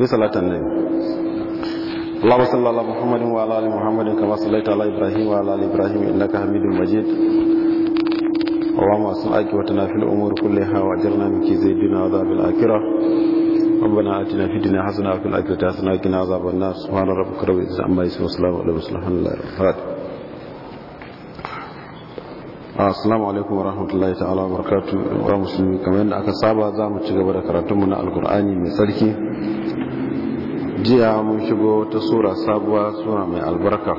bi salatan ala Muhammadin wa ala ali Muhammadin kama sallaita ala Ibrahim wa ala ali Ibrahim innaka Hamidum Majid Allahumma sun aiki wata nafil umur kulliha wa ajirna min kizidina wa zabil akhirah Rabbana atina fid dunya hasanatan wa fil akhirati hasanatan wa qina azabannar subhana rabbika rabbil amma yasifun salamun ala mursalin Assalamu alaikum wa rahmatullahi ta'ala wa barakatuhu wa muslimi kamar yadda aka saba za mu ci gaba da karatunmu na alkur'ani mai tsarki. jiya mun shigo ta sura sabuwa sura mai albarka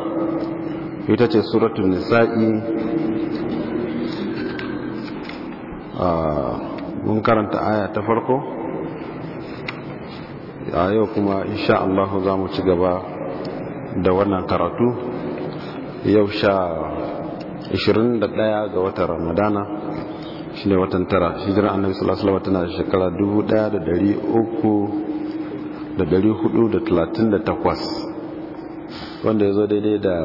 ita ce suratun nisa'i ah, mun karanta aya ta farko a yau kuma insha Allah za mu ci gaba da wannan karatu yau sha 21 ga watan ramadana shi ne watan tara shi jiran annabi sallallahu alaihi wasallam tana shekara 1300 da dari hudu da talatin da takwas wanda ya zo daidai da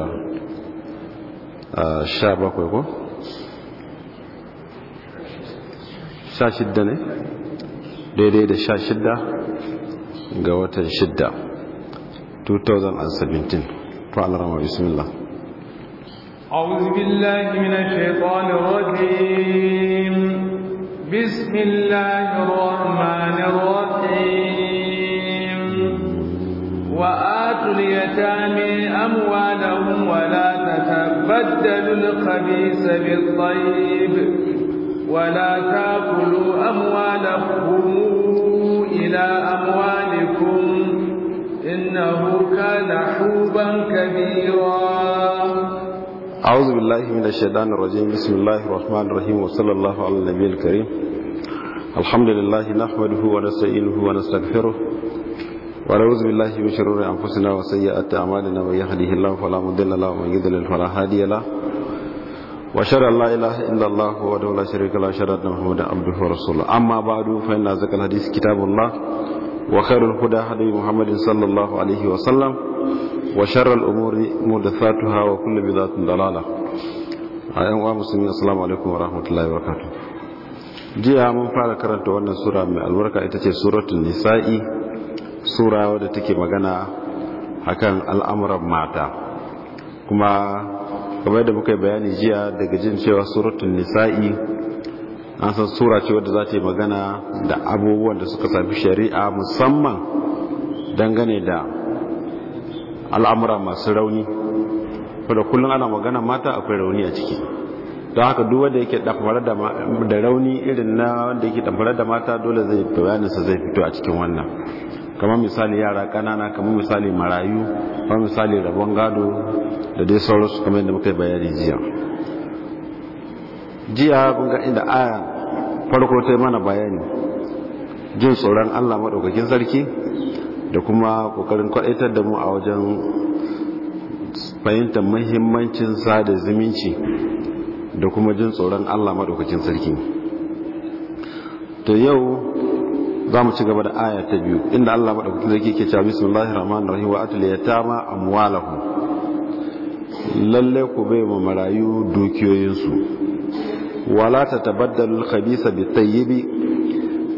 sha bakwai ko? sha shidda ne? daidai da sha shidda ga watan shidda 2017 fa'alar rama bismillah أعوذ بالله من الشيطان الرجيم بسم الله الرحمن الرحيم وآتوا اليتامى أموالهم ولا تتبدلوا الخبيث بالطيب ولا تاكلوا أموالكم إلى أموالكم إنه كان حوبا كبيرا أعوذ بالله من الشيطان الرجيم بسم الله الرحمن الرحيم وصلى الله على النبي الكريم الحمد لله نحمده ونستعينه ونستغفره ونعوذ بالله من شرور أنفسنا وسيئات أعمالنا من يهده الله فلا مضل له ومن يضلل فلا هادي له وأشهد أن لا إله إلا الله وحده لا شريك له وأشهد أن محمدا عبده ورسوله أما بعد فإن أزكى الحديث كتاب الله وخير الهدى هدي محمد صلى الله عليه وسلم وشر الأمور محدثاتها وكل بدعة ضلالة أيها المسلمين السلام عليكم ورحمة الله وبركاته jiya mun fara karanta wannan sura mai albarka ita ce suratul nisa'i sura wadda take magana akan al'amuran mata kuma kamar da muka yi bayani jiya daga jin cewa suratun nisa'i an san sura ce wadda za ta yi magana da abubuwan da suka safi shari'a musamman dangane da al'amura masu rauni wadda kullum ana magana mata akwai rauni a ciki don haka duwa wanda yake damfara da rauni irin na wanda yake damfara da mata dole zai bayaninsa zai fito a cikin wannan kamar misali yara kanana kamar misali marayu kamar misali rabon gado da dai sauransu kamar yadda muka bayani jiya jiya kun ga inda aya farko ta mana bayani jin tsoron Allah maɗaukakin sarki da kuma kokarin kwaɗaitar da mu a wajen fahimtar mahimmancin da zumunci da kuma jin tsoron Allah maɗaukakin sarki to yau za mu ci gaba da aya ta biyu inda Allah maɗaukakin zai ke cewa bismillahir rahmanir rahim wa atul yatama amwalahum lalle ku bai ma marayu dukiyoyinsu wala ta al khabisa bit tayyibi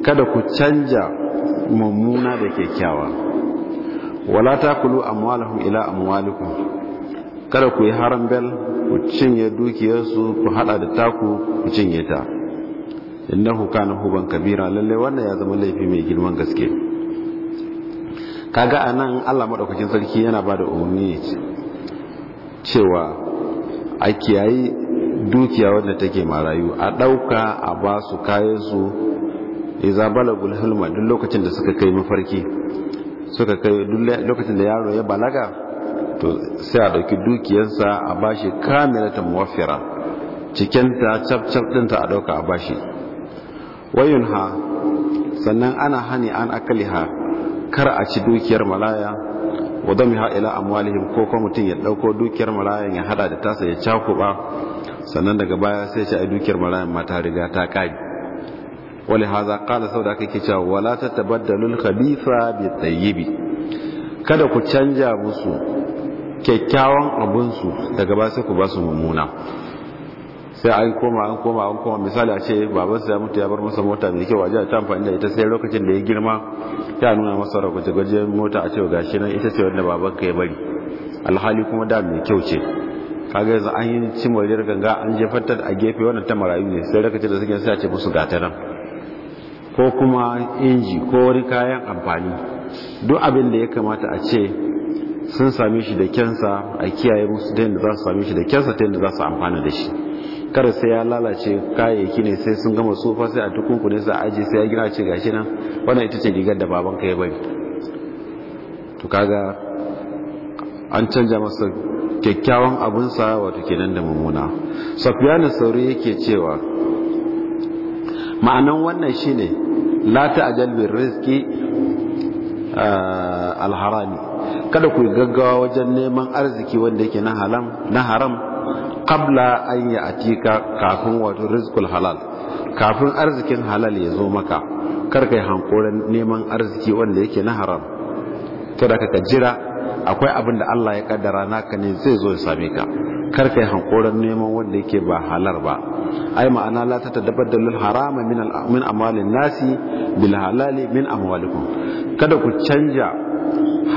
kada ku canja mummuna da kyakkyawa wala takulu amwalahum ila amwalikum kada ku yi haram bel ku cinye dukiyarsu ku hada da taku ku cinye ta innahu kana huban kabira lalle wannan ya zama laifi mai girman gaske kaga anan Allah madaukakin sarki yana bada umarni cewa a kiyayi dukiya wadda take marayu a dauka a ba su kayan su iza balagul hulma duk lokacin da suka kai mafarki suka kai duk lokacin da yaro ya balaga to sai a dauki dukiyarsa a bashi kamilatan muwaffira cikinta cap cap dinta a dauka a bashi wayunha sannan ana hani an ha kar a ci dukiyar malaya wa damiha ila amwalihim ko ko mutum ya dauko dukiyar malayan ya hada da tasa ya cakuba sannan daga baya sai ci dukiyar malayan mata riga ta kai wali haza qala sauda kake cewa wala tatabaddalu al-khabitha bi tayyibi kada ku canja musu kyakkyawan abun su daga ba sai ku ba su mummuna sai an koma an koma an koma misali a ce babansa ya mutu ya bar masa mota mai kyau a a ta amfani da ita sai lokacin da ya girma ta nuna masa ragwaje gwaje mota a ce shi nan ita ce wanda ka ya bari alhali kuma da mai kyau ce kaga yanzu an yi cimoriyar ganga an je a gefe wannan ta marayu ne sai lokacin da suke sai a ce musu gata nan ko kuma inji ko wani kayan amfani duk abin da ya kamata a ce sun same shi da kyansa a kiyaye musu da yadda za su same shi da kyansa ta yadda za su amfana da shi kar sai ya lalace kayayyaki ne sai sun gama tsufa sai a tukunkune sa aji sai ya gina ce gashi nan wannan ita ce rigar da baban ka ya bari to kaga an canja masa kyakkyawan abun sa wato kenan da mummuna Safiyani sauri yake cewa ma'anan wannan shine la ta'jal bir rizqi alharami kada ku gaggawa wajen neman arziki wanda yake na haram na haram qabla an atika kafin wato rizkul halal kafin arzikin halal ya zo maka karkai yi hankoran neman arziki wanda yake na haram ta da ka jira akwai abin da Allah ya kaddara naka ne zai zo ya same ka karka yi hankoran neman wanda yake ba halar ba ai ma'ana la ta tadabbadalul harama min min amwalin nasi bil halali min amwalikum kada ku canja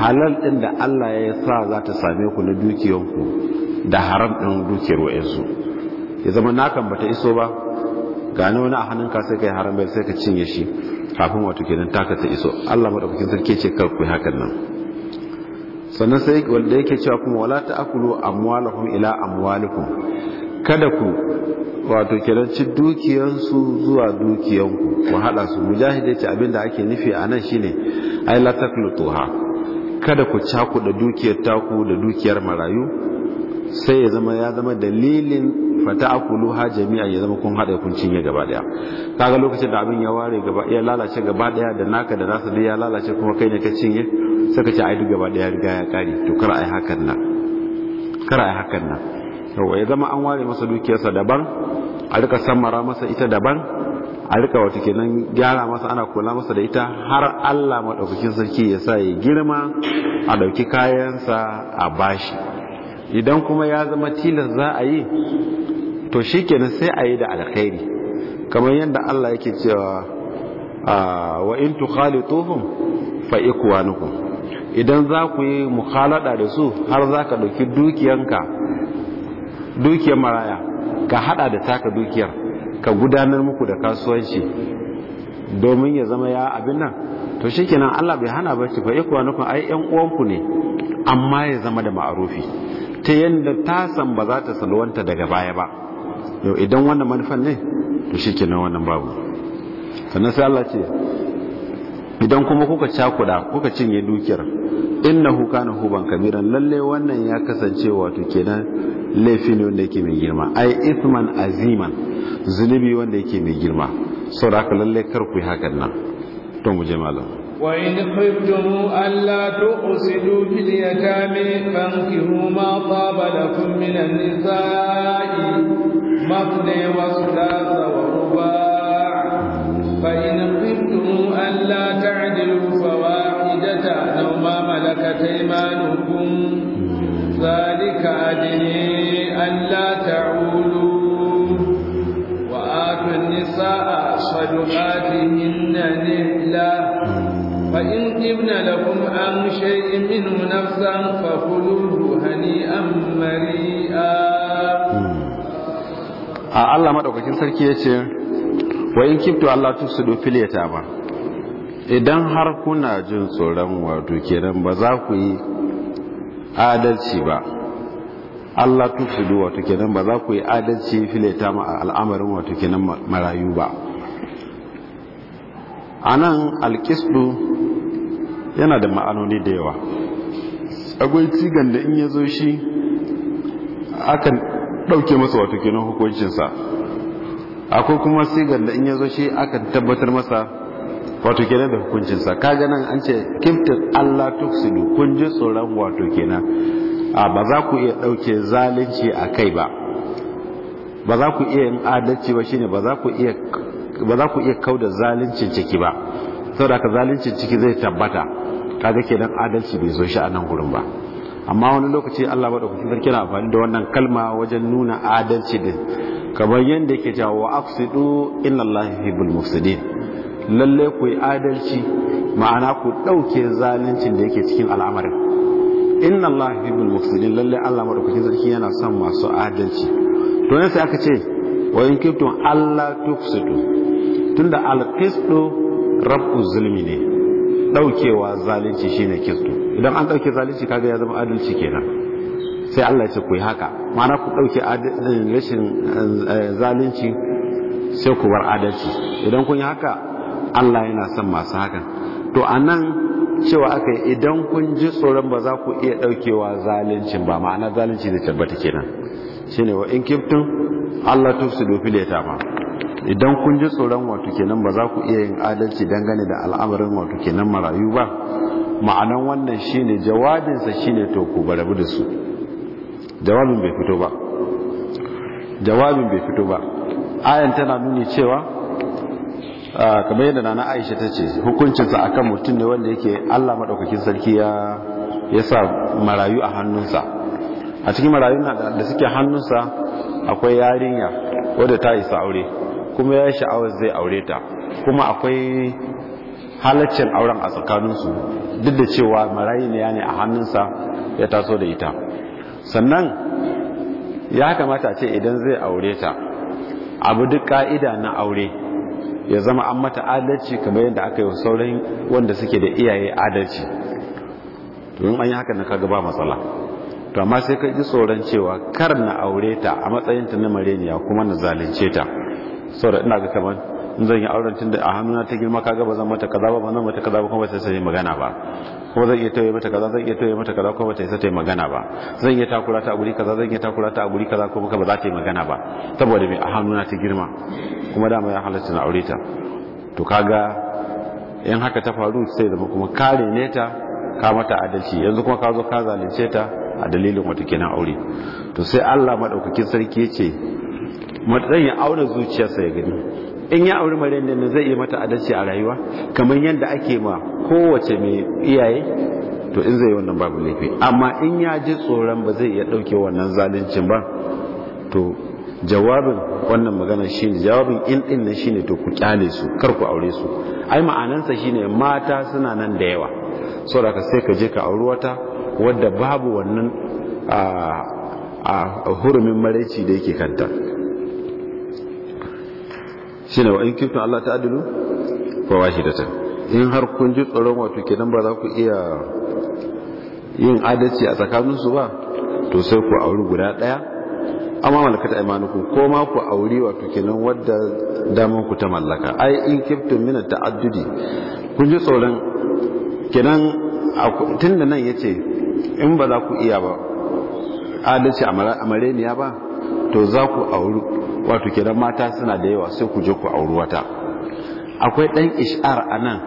halal din da Allah ya sa za ta same ku na dukiyanku da haram ɗin dukiyar wa'insu ya zama nakan bata iso ba gane wani a hannunka sai ka yi haram bai sai ka cinye shi kafin wato kenan taka ta iso Allah madaukakin sarki ce kar ku hakan nan sannan sai wanda yake cewa kuma wala akulu amwalakum ila amwalikum kada ku wato kenan ci dukiyansu zuwa dukiyanku ku haɗa su mujahid abin abinda ake nufi a nan shine ai la taklutuha kada ku cakuɗa dukiyar taku da dukiyar marayu sai ya zama ya zama dalilin fata ha jami'a ya zama kun hada kun cinye gaba daya kaga lokacin da abin ya ware gaba ya lalace gaba daya da naka da nasa dai ya lalace kuma kai ne ka cinye saka ce ai duk gaba daya riga ya kare to kar ai hakan nan kar ai hakan nan yawa ya zama an ware masa dukiyarsa daban a rika samara masa ita daban a rika wata kenan gyara masa ana kula masa da ita har Allah madaukakin sarki ya sa ya girma a ɗauki kayansa a bashi idan kuma ya zama tilas za a yi to kenan sai a yi da alkhairi kamar yadda Allah yake cewa ah, wa in tukhalituhum fa ikwanukum idan za ku yi mukhalada da su har za ka ɗauki dukiyanka dukiyar maraya ka hada da taka dukiyar ka gudanar muku da kasuwanci domin ya zama ya abin nan to kenan Allah bai hana ba shi fa ikwanukum ai yan uwanku ne amma ya zama da ma'arufi ta yadda ta san ba za ta salwanta daga baya ba yau idan wannan manufan ne to shi kenan wannan babu sannan sai Allah ce idan kuma kuka cakuda kuka cinye dukiyar huka na huban kabiran lalle wannan ya kasance wato kenan laifi ne wanda yake mai girma ai ithman aziman zunubi wanda yake mai girma sau da haka lalle kar ku yi hakan nan to mu je malam وإن خفتم ألا تقصدوا في اليتامى فانكحوا ما طاب لكم من النساء مثني وثلاث ورباع فإن خفتم ألا تعدلوا فواحدة أو ما ملكت أيمانكم ذلك أدني ألا تعولوا وآتوا النساء صدقاتهن نحلًا فإن ابن لكم أم شيء منه نفسا فكلوه هنيئا مريئا Allah madaukakin sarki yace wa in kiftu Allah tusudu filiyata ba idan har kuna jin tsoron wato kenan ba za ku yi adalci ba Allah tusudu wato kenan ba za ku yi adalci filiyata ma al'amarin wato kenan marayu ba anan alqisdu yana da ma'anoni da yawa akwai cigan da in ya zo shi akan ɗauke masa wato kenan hukuncinsa akwai kuma sigan da in ya zo shi akan tabbatar masa wato kenan da hukuncinsa kaga nan an ce kiftin allah tuksidu kun ji tsoron wato kenan a ba za ku iya ɗauke zalunci a kai ba ba za ku iya yin adalci ba shine ba za ku iya ba za ku iya kauda zaluncin ciki ba saboda ka zaluncin ciki zai tabbata kaga kenan adalci bai zo shi a nan gurin ba amma wani lokaci Allah madaukakin sarki na amfani da wannan kalma wajen nuna adalci din kamar yadda yake jawo wa aqsidu inna Allah yuhibbul mufsidin lalle ku yi adalci ma'ana ku dauke zaluncin da yake cikin al'amarin inna Allah yuhibbul mufsidin lalle Allah madaukakin sarki yana son masu adalci to sai aka ce wa in kuntum Allah tufsidu tunda al-qisdu rafu zulmi ne daukewa zalunci shine kisto idan an dauke zalunci kaga ya zama adalci kenan sai Allah ya ce ku yi haka ma'ana ku dauke rashin eh, zalunci sai ku bar adalci idan kun yi haka Allah yana son masu hakan to anan cewa aka yi idan kun ji tsoron ba za ku iya ɗaukewa zalunci ba ma'ana zalunci da tabbata kenan shine wa in kiftun Allah tufsidu fil yatama idan kun ji tsoron wato kenan ba za ku iya yin adalci dangane da al'amarin wato kenan marayu ba ma'anan wannan shine jawabinsa shine to ku barabu da su jawabin bai fito ba jawabin bai fito ba ayan tana nuni cewa kamar yadda nana Aisha ta ce hukuncinsa kan mutum ne wanda yake Allah maɗaukakin sarki ya sa marayu a hannunsa a cikin marayun da suke hannunsa akwai yarinya wadda ta isa aure kuma ya sha'awar zai aure ta kuma akwai halaccin auren a tsakaninsu duk da cewa marayi ne ya ne a hannunsa ya taso da ita sannan ya kamata ce idan zai aure ta abu duk ka'ida na aure ya zama an mata adalci kamar yadda aka yi sauran wanda suke da iyaye adalci domin an yi haka na kaga ba matsala to amma sai ka ji tsoron cewa kar na aure ta a matsayinta na mareniya kuma na zalunce ta saboda ina ga kamar in zan yi auren tun da a hannuna ta girma kaga ba zan mata kaza ba zan mata kaza ba kuma sai sai magana ba kuma zan iya tawaye mata kaza zan iya tawaye mata kaza kuma ta isa ta magana ba zan iya takura ta a guri kaza zan iya takura ta a guri kaza kuma ba za ta yi magana ba saboda mai a hannuna ta girma kuma dama ya halatta na aure ta to kaga in haka ta faru sai da kuma kare ne ta ka mata adalci yanzu kuma ka zo ka zalunce ta a dalilin wata kenan aure to sai Allah madaukakin sarki yace mutum ya aure zuciyarsa ya gani in ya auri maryan da zai yi mata adalci a rayuwa kamar yadda ake ma kowace mai iyaye to in zai wannan babu laifi amma in ya ji tsoron ba zai iya ɗauke wannan zaluncin ba to jawabin wannan magana shine jawabin in din nan shine to ku kyale su kar ku aure su ai ma'anansa shine mata suna nan da yawa saboda sai ka je ka auri wata wadda babu wannan a ah, ah, hurumin maraici da yake kanta shine wa in kuntum Allah ta'dilu fa wahidatan in har kun ji tsoron wato kenan ba za ku iya yin adalci a tsakanin su ba to sai ku auri guda daya amma malakata imanukum ko ma ku auri wato kenan wadda daman ku ta mallaka ai in kuntum min ta'addudi kun ji tsoron kenan tunda nan yace in ba za ku iya ba adalci a mare ya ba to za ku auri wato kenan mata suna da yawa sai ku je ku auri wata akwai ɗan ishar a nan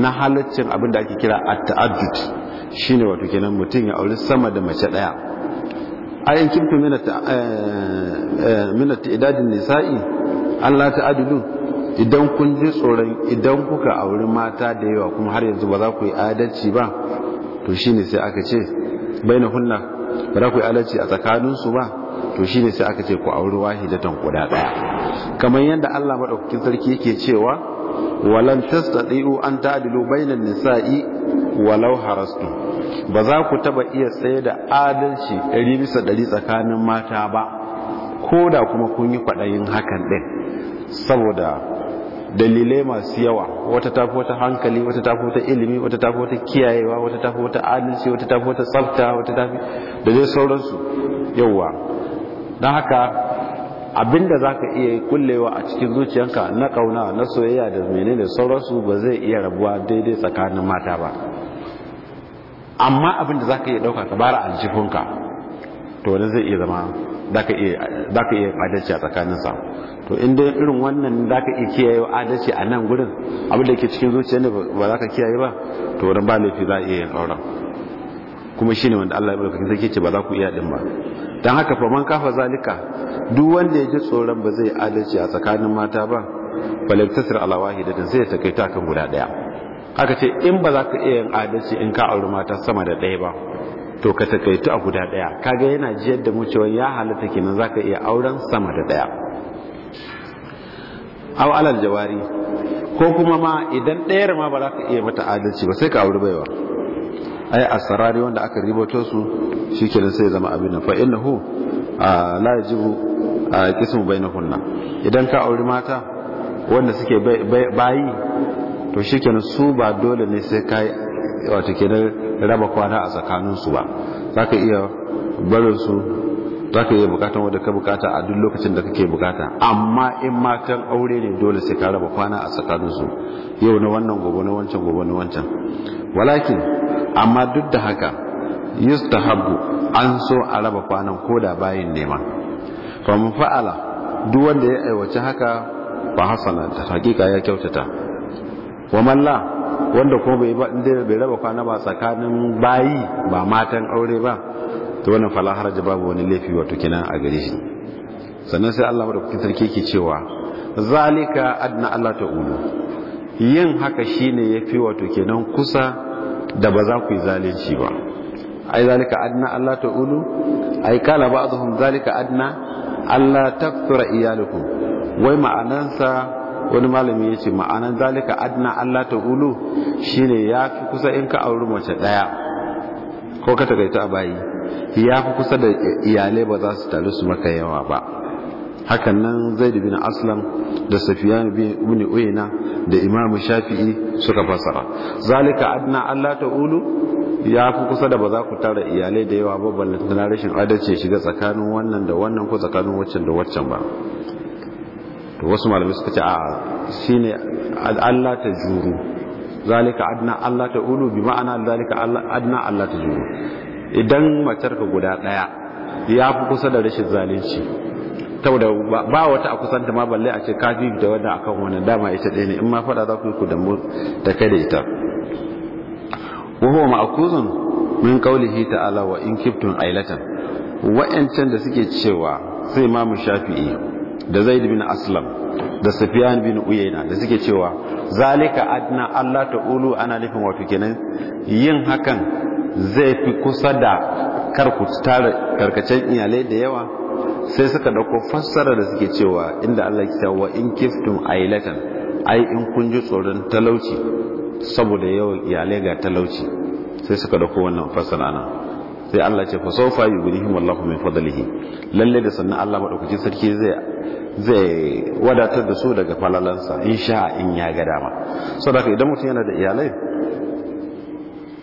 na halaccin abin da ake kira a shi shine wato kenan mutum ya auri sama da mace ɗaya ayin kimtu mina eh, eh, idadin nisa'i Allah ta'adudu idan kun ji tsoron idan kuka auri mata da yawa kuma har yanzu ba za ku yi adalci ba to shine sai aka ce bainahunna ba za ku yi adalci a tsakaninsu ba to shi ne sai aka ce ku auri wahidatan guda daya kamar yadda Allah madaukakin sarki yake cewa walan tastati'u an ta'dilu bainan nisa'i walau harastu ba za ku taba iya tsaye da adalci 100 bisa dari tsakanin mata ba ko da kuma kun yi kwaɗayin hakan ɗin saboda dalilai masu yawa wata tafi wata hankali wata tafi wata ilimi wata tafi wata kiyayewa wata tafi wata adalci wata tafi wata tsafta wata tafi da dai sauransu yawa don haka abinda za ka iya kullewa a cikin zuciyanka na kauna na soyayya da menene sauransu ba zai iya rabuwa daidai tsakanin mata ba amma abinda za ka iya ɗauka ka bara aljifinka to wani zai iya zama za ka iya adalci a tsakaninsa to inda irin wannan za ka iya kiyaye adalci a nan gudun abinda ke cikin zuciya ne ba za ka kiyaye ba to wani ba laifi za a iya yin auren kuma shine wanda allah ya bada ba za ku iya ɗin ba don haka faman kafa zalika duk wanda ya ji tsoron ba zai adalci a tsakanin mata ba falantasir alawahi da zai kai takan guda daya haka ce in ba za ka iya yin adalci in ka auri mata sama da ɗaya ba to ka takaitu a guda ɗaya kaga yana jiyar da mu cewa ya halatta kenan za ka iya auren sama da ɗaya au alal jawari ko kuma ma idan ɗayar ma ba za ka iya mata adalci ba sai ka auri baiwa ai asrari wanda aka ribato su shikenan sai zama abin nan fa innahu la yajibu qismu bainahunna idan ka auri mata wanda suke bayi to shikenan su ba dole ne sai kai wato kenan raba kwana a tsakanin su ba zaka iya barin su za ka iya bukatan wadda ka bukata a duk lokacin da kake bukata amma in matan aure ne dole sai ka raba kwana a tsakaninsu yau na wannan gobe na wancan gobe na wancan walakin amma duk da haka yustahabu an so a raba kwanan da bayan nema fa mun fa'ala duk wanda ya aiwace haka fa hasana ta hakika ya kyautata wa malla wanda kuma bai bai raba kwana ba tsakanin bayi ba matan aure ba to wannan fala haraja babu wani laifi wato kenan a gare shi sannan sai Allah madaukakin sarki yake cewa zalika adna Allah ta'ulu yin haka shine yafi wato kenan kusa da ba za ku yi zalunci ba ai zalika adna Allah ta'ulu ai kala ba'dhum zalika adna Allah takthura iyalukum wai ma'anansa wani malami ya ce ma'anan zalika adna Allah ta'ulu shine yafi kusa in ka auri mace daya ko ka takaita a bayi ya fi kusa da iyalai ba za su taru su maka yawa ba hakan nan dubi na aslam da safiya bin uyina da imamu shafi'i suka fasara zalika adna allah ta ulu ya fi kusa da ba za ku tara iyalai da yawa ba ballanta na rashin adalci shiga tsakanin wannan da wannan ko tsakanin waccan da waccan ba to wasu malamai suka ce a shine allah ta juru zalika adna allah ta ulu bi ma'ana zalika adna allah ta juru idan matarka guda ɗaya ya fi kusa da rashin zalunci saboda ba wata a kusanta ma balle a ce kafi da wannan akan wannan dama ita ɗaya ne in ma fada za ku yi ku ta kai da ita wuhu ma'akuzun min kaulihi hita wa in kiftun ailatan wa'yancan da suke cewa sai ma mu shafi'i da zaid bin aslam da Sufyan bin Uyayna da suke cewa zalika adna Allah ta'ulu ana nufin wato kenan yin hakan zai fi kusa da karku tare karkacen iyalai da yawa sai suka dauko fassara da suke cewa inda Allah ya cewa in kiftum ailatan ai in kun ji tsoron talauci saboda yawan iyalai ga talauci sai suka dauko wannan fassara nan sai Allah ce fa sawfa yughnihim wallahu min fadlihi lalle da sannan Allah madaukakin sarki zai zai wadatar da su daga falalansa in sha in ya ga dama sau da idan mutum yana da iyalai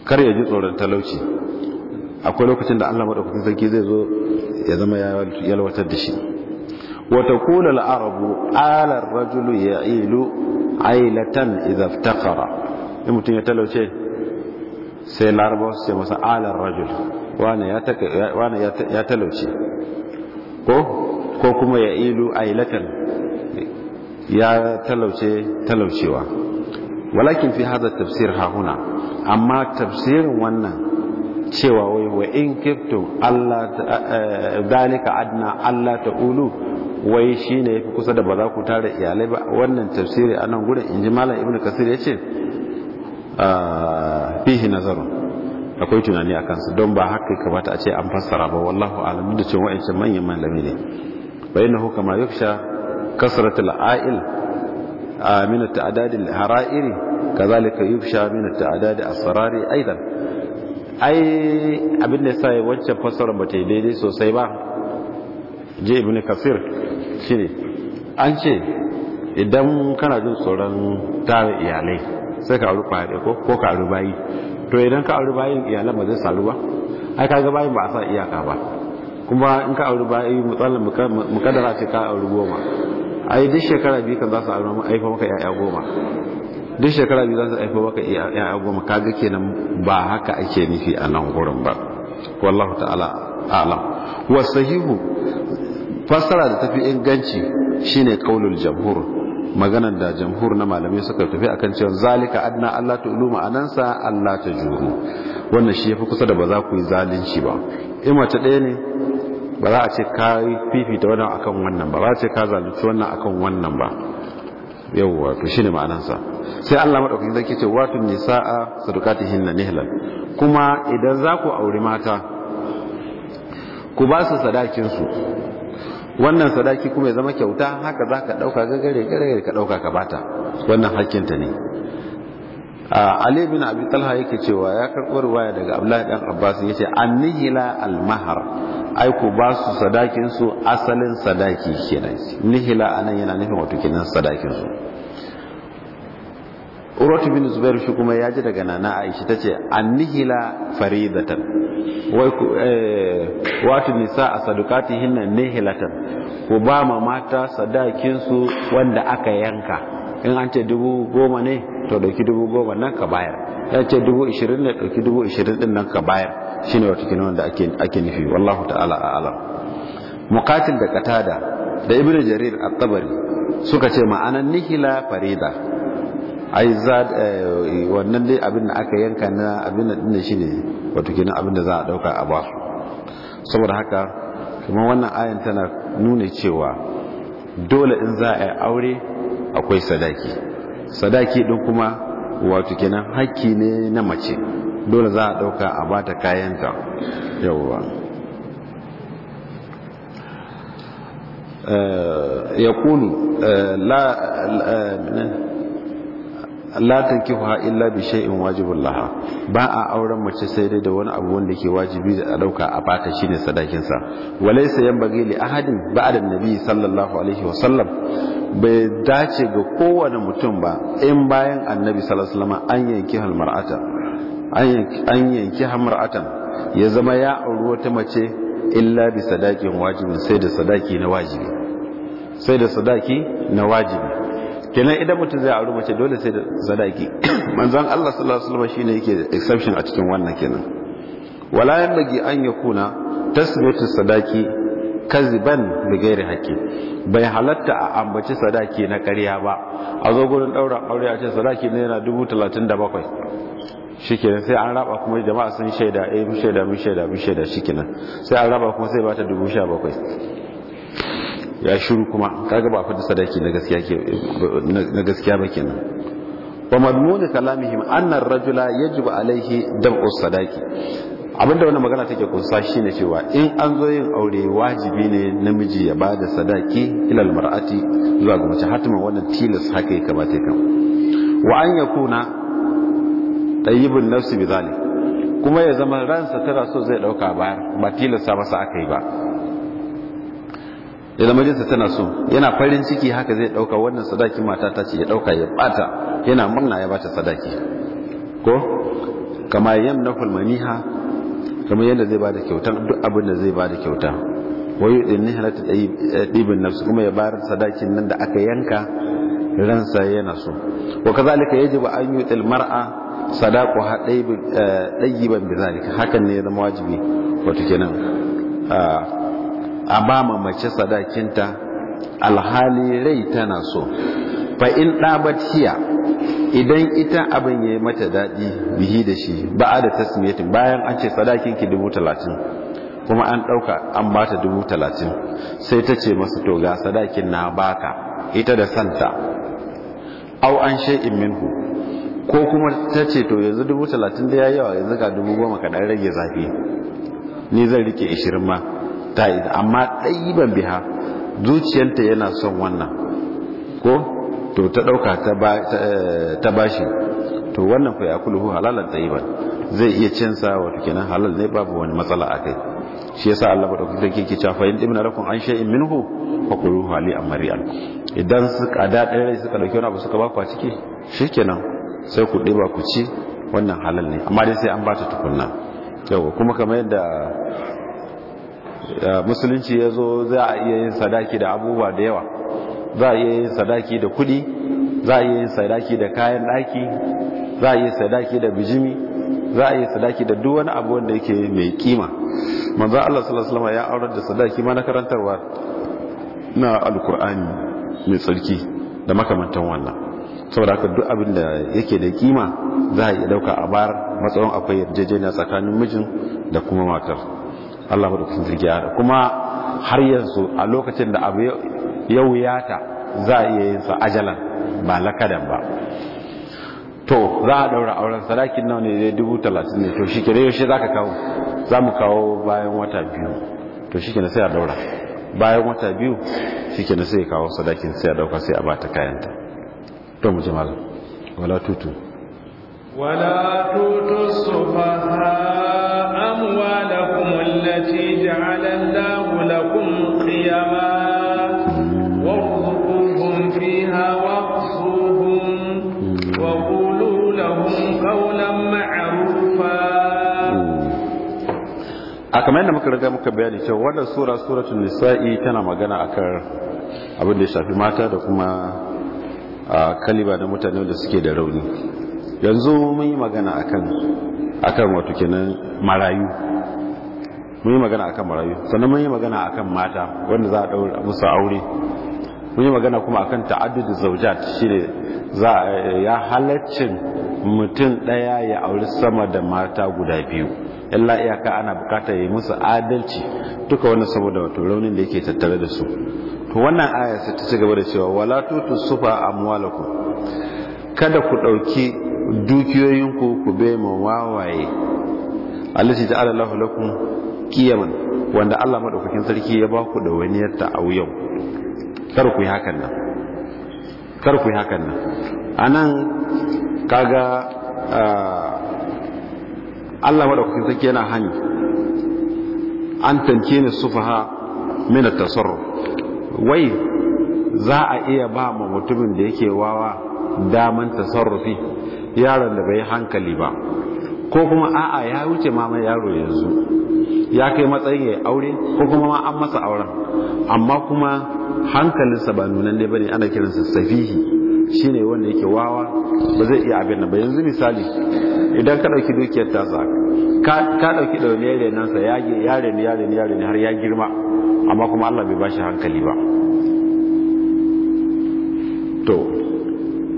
kar ya ji tsoron talauci akwai lokacin da allah madaukakin sarki zai zo ya zama ya yalwatar da shi wata kula Arabu alar rajulu ya ilu ailatan izaftakara in mutum ya talauce sai larabawa su ce masa ar rajul wane ya talauce ko ko kuma ya ilu ailatan ya talauce talaucewa walakin fi hada tafsir ha huna amma tafsirin wannan cewa wai wa in kiftum Allah eh, dalika adna Allah ta'ulu wai shine yafi kusa da ba za ku tare iyalai ba wannan tafsiri a nan gurin inji malam ibnu kasir yace ah, fihi nazaru akwai tunani a kansu don ba haka kamata a ce an fassara ba wallahu alamu da cewa wa'ancan manyan malami ne فإنه كما يخشى كسرة العائل من التعداد at كذلك يخشى من التعداد yuksha أيضا أي أبن as-sarari aidan ai abin da sai wancan fasara ba ta sosai ba an ce idan kana jin tsoron tare iyalai sai ka auri kwaɗe ko ka auri bayi to idan ka auri bayin iyalan ba zai salu ba ka kaga bayin ba a sa iyaka ba kuma in ka auri ba yi mutsalin mukadara ce ka auri goma ai duk shekara biyu kan za su auri aifa maka ya'ya goma duk shekara biyu za su aifo maka ya'ya goma ka ga kenan ba haka ake nufi a nan gurin ba wallahu ta'ala alam wasu sahihu fassara da tafi inganci shine qaulul jamhur maganar da jamhur na malamai suka tafi akan cewa zalika adna Allah ta uluma anansa Allah ta juru wannan shi yafi kusa da ba za ku yi zalunci ba in mace ɗaya ne ba za a ce ka fifita wannan akan wannan ba ba za ce ka zalunci wannan akan wannan ba yawwa to shine ma'anansa sai Allah madaukakin zaki ce watun nisaa na nihlan kuma idan za ku aure mata ku ba su sadakin su wannan sadaki kuma ya zama kyauta haka za ka dauka gagare gagare ka dauka ka bata wannan hakkinta ne Ali bin Abi Talha yake cewa ya karbo riwaya daga Abdullahi dan Abbas yace annihila al-mahar ai ku ba su sadakin su asalin sadaki kenan nihila anan yana nufin wato kenan sadakin su Urwatu bin Zubair shi kuma ya ji daga Nana Aisha tace annihila faridatan wai ku eh, wato nisa a sadukatihinna nihilatan ku ba ma mata sadakin su wanda aka yanka in an ce dubu goma ne to dauki dubu goma nan ka bayar ya ce dubu ishirin ne dauki dubu ishirin din nan ka bayar shine ne watakin wanda ake nufi wallahu ta'ala a a'lam muqatil da qatada da ibnu jarir at-tabari suka ce ma'anan nihila farida ai za eh, wannan dai abin da aka yanka na abin din shine ne kina abin da za a dauka a ba saboda haka kuma wannan ayan tana nuna cewa dole in za a yi aure akwai sadaki sadaki din kuma wato kenan hakki ne na mace dole za a ɗauka a bata kayanta yawwa eh, ya eh, eh, la tankihuha illa bi shay'in wajibul laha ba a auren mace sai dai da wani abu wanda ke wajibi da a dauka a baka shine sadakin sa walaysa yanbaghi li ahadin ba'da nabi sallallahu alaihi wa sallam bai dace ga kowane mutum ba in bayan annabi sallallahu alaihi sallam an yanki hal mar'ata ya zama ya auri wata mace illa bi sadakin wajibin sai da sadaki na wajibi sai da sadaki na wajibi kenan idan mutum zai auri mace dole sai da sadaki manzon Allah sallallahu alaihi wasallam shine yake exception a cikin wannan kenan wala yanbagi an yakuna tasbitu sadaki kaziban da gairi haƙƙi bai halatta a ambaci sadaki na ƙarya ba a zo gurin daura aure a ce sadaki ne yana dubu talatin da bakwai shikenan sai an raba kuma jama'a sun shaida eh mun shaida mun shaida mun shaida shikenan sai an raba kuma sai bata dubu sha bakwai ya shiru kuma kaga ba fadi sadaki na gaskiya ke na gaskiya ba kenan wa madmun kalamihim anna ar-rajula yajibu alayhi dam'u sadaki abinda wannan magana take kunsa shine cewa in an zo yin aure wajibi ne namiji ya bada sadaki al mar'ati zuwa ga mace hatiman wannan tilas haka ya kamata kan wa an yakuna tayyibun nafsi bidhalik kuma ya zama ransa tana so zai dauka ba ba tilasta masa aka yi ba ya tana so yana farin ciki haka zai dauka wannan sadaki mata ta ce ya dauka ya bata yana murna ya bata sadaki ko kama yamnaful maniha kama yadda zai bada kyauta duk abin da zai bada kyauta wayu din ne halatta eh, dibin nafsu kuma ya bar sadakin nan da aka yanka ransa yana so wa kazalika yajibu an yutil mar'a sadaqu eh, ban bi zalika hakan ne ya zama wajibi wato kenan ah, a ba ma mace sadakinta alhali rai tana so fa in ɗabat hiya idan ita abin ya yi mata daɗi bihi da shi ba da tasmiyatin bayan an ce sadakinki dubu talatin kuma an ɗauka an ba ta dubu talatin sai ta ce masa to ga sadakin na baka ita da santa au an shai'in minhu ko kuma ta ce to yanzu dubu talatin da ya yawa yanzu ga dubu goma kaɗan rage zafi ni zan rike ishirin ma ta yi amma ban biya zuciyarta yana son wannan ko to ta ɗauka ta eh, bashi to wannan ku ya kulhu halalan ɗayiban zai iya cinsa wa kenan halal ne babu wani matsala a kai shi yasa Allah madaukakin sarki yake cewa in ibna rakun an shay'in minhu fakuluhu hali amriyan idan suka da ɗaya suka dauki wani abu suka ba ku a ciki shikenan sai ku ba ku ci wannan halal ne amma dai sai an bata tukunna yawa kuma kamar yadda musulunci ya zo za a iya yin sadaki da abubuwa da yawa za a iya yin sadaki da kuɗi za a iya yin sadaki da kayan ɗaki za a iya sadaki da bijimi za a iya sadaki da duk wani abu wanda yake mai kima manzo Allah sallallahu alaihi ya aurar da sadaki ma na karantarwa na alkur'ani mai tsarki da makamantan wannan saboda haka duk abin da yake da kima za a iya dauka a bar matsayin akwai yarjejeniya tsakanin mijin da kuma matar Allah madaukakin sarki ya hada kuma har yanzu a lokacin da abu ya wuyata za a iya yin sa ajalan ba lakadan ba to za a daura auren sadakin nawa ne zai dubu talatin ne to shi ke shi za ka kawo za mu kawo bayan wata biyu to shi ke sai a daura bayan wata biyu shi ke sai kawo sadakin sai a dauka sai a ba ta kayanta to mu jama'a malam wala tutu wala tutu subhana kamar yadda muka riga muka bayani cewa wannan sura suratul nisa'i tana magana akan abin da ya shafi mata da kuma kaliba na mutane da suke da rauni yanzu mun yi magana akan akan wato kenan marayu mun yi magana akan marayu sannan mun yi magana akan mata wanda za a daura musu aure mun yi magana kuma akan ta'addudu zawjat shine za ya halaccin mutum daya ya auri sama da mata guda biyu illa iyaka ana bukata yi musu adalci duka wannan saboda wato raunin da yake tattare da su to wannan aya sai ta ci gaba da cewa wala tutu sufa amwalakum kada ku dauki dukiyoyinku ku bai ma wawaye Allah ta'ala lahu lakum kiyaman wanda Allah madaukakin sarki ya ba ku da wani yatta a yau kar ku yi hakan nan kar ku yi hakan nan anan kaga Allah madaukakin sarki yana hani an tanke ni sufaha min at-tasarruf wai za a iya ba ma mutumin da yake wawa daman tasarrufi yaron da bai hankali ba ko kuma a'a ya wuce ma mai yaro yanzu ya kai matsayin ya aure ko kuma ma an masa auren amma kuma hankalinsa ba nunan ne bane ana kiransa safihi shine wanda yake wawa ba zai iya abin nan ba yanzu misali idan ka dauki dukiyar tasa ka dauki dauniyar renansa ya yare reni yare yare har ya girma amma kuma Allah bai bashi hankali ba to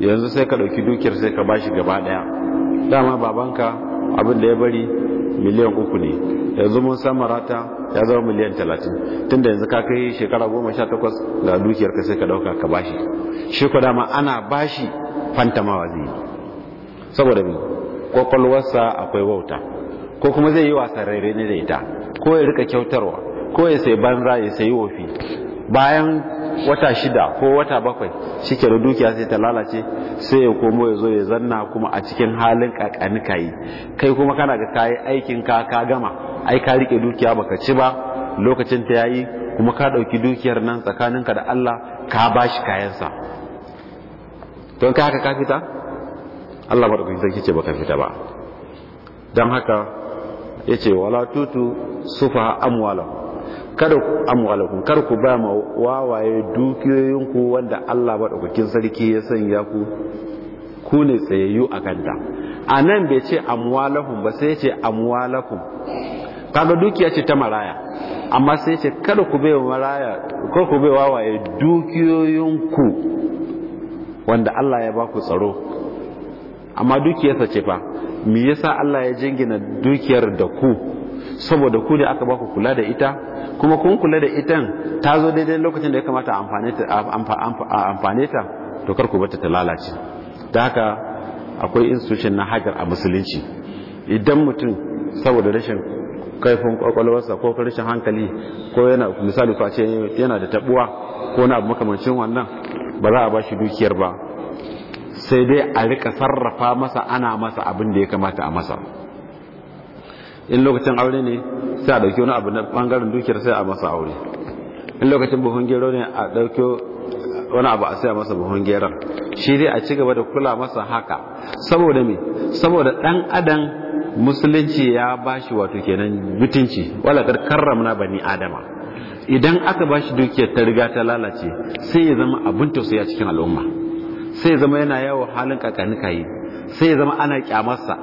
yanzu sai ka dauki dukiyar sai ka bashi gaba daya dama babanka abin da ya bari miliyan uku ne yanzu mun samara ta ya zama miliyan talatin tun da yanzu ka kai shekara goma sha takwas ga dukiyar ka sai ka dauka ka bashi shi ko dama ana bashi fantamawa zai yi saboda mi kwakwalwarsa akwai wauta ko kuma zai yi wasan rairai ne da ita ko ya rika kyautarwa ko ya sai banza ya sayi wofi bayan wata shida ko wata bakwai shi ke dukiya sai ta lalace sai ya komo ya zo ya zanna kuma a cikin halin kakani yi kai kuma kana ga kayi aikin ka ka gama ai ka rike dukiya baka ci ba lokacin ta yayi kuma ka dauki dukiyar nan tsakaninka da Allah ka bashi kayansa don ka haka ka fita Allah madaukakin sarki ce baka fita ba don haka yace wala tutu sufa amwalahu kada ku amwalakum kar ku ba ma wawaye dukiyoyinku wanda Allah ba madaukakin sarki ya sanya ku ku ne tsayayyu a ganda a nan bai ce amwalahum ba sai ya ce amwalakum kaga dukiya ce ta maraya amma sai ce kada ku bai maraya kar ku bai wawaye dukiyoyinku wanda Allah ya ba ku tsaro amma dukiyarsa ce fa me yasa Allah ya jingina dukiyar da ku saboda ku ne aka ba ku kula da ita kuma kun kula da itan ta zo daidai lokacin da ya kamata a amfane ta to kar ku bata ta lalace Da haka akwai institution na hajar a musulunci idan mutum saboda rashin kaifin kwakwalwarsa ko rashin hankali ko yana misali ko a ce yana da tabuwa ko na makamancin wannan ba za a ba shi dukiyar ba sai dai a rika sarrafa masa ana masa abin da ya kamata a masa in lokacin aure ne sai a ɗauki wani abu na ɓangaren dukiyar sai a masa aure in lokacin buhun gero ne a ɗauki wani abu a sai a masa buhun geron shi dai a ci gaba da kula masa haka saboda me saboda ɗan adam musulunci ya bashi wato kenan mutunci wala karramna bani adama idan aka bashi dukiyar ta riga ta lalace sai ya zama abin tausayi a cikin al'umma sai ya zama yana yawo halin kakanni yi sai ya zama ana kyamarsa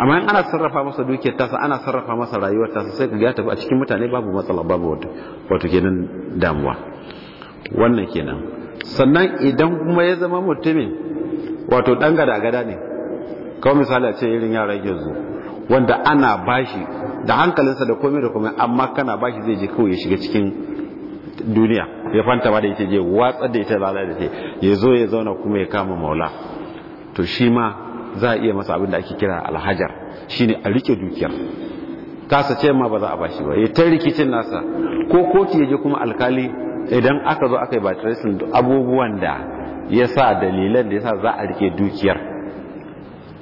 amma in ana sarrafa masa dukiyar tasa ana sarrafa masa rayuwar tasa sai kaga ya tafi a cikin mutane babu matsala babu wato wato kenan damuwa wannan kenan sannan idan kuma ya zama mutumin wato dan gada gada ne kawai misali a ce irin yara yake zo. wanda ana bashi da hankalinsa da komai da komai amma kana bashi zai je kawai ya shiga cikin duniya ya fanta ba da ita je watsa da ita lalata da ita ya zo ya zauna kuma ya kama maula to shi ma za a iya masa abin da ake kira alhajar shine a rike dukiyar kasa ce ma ba za a bashi ba ya ta rikicin nasa ko koti ya kuma alkali idan aka zo aka yi ba abubuwan da ya sa dalilan da ya sa za a rike dukiyar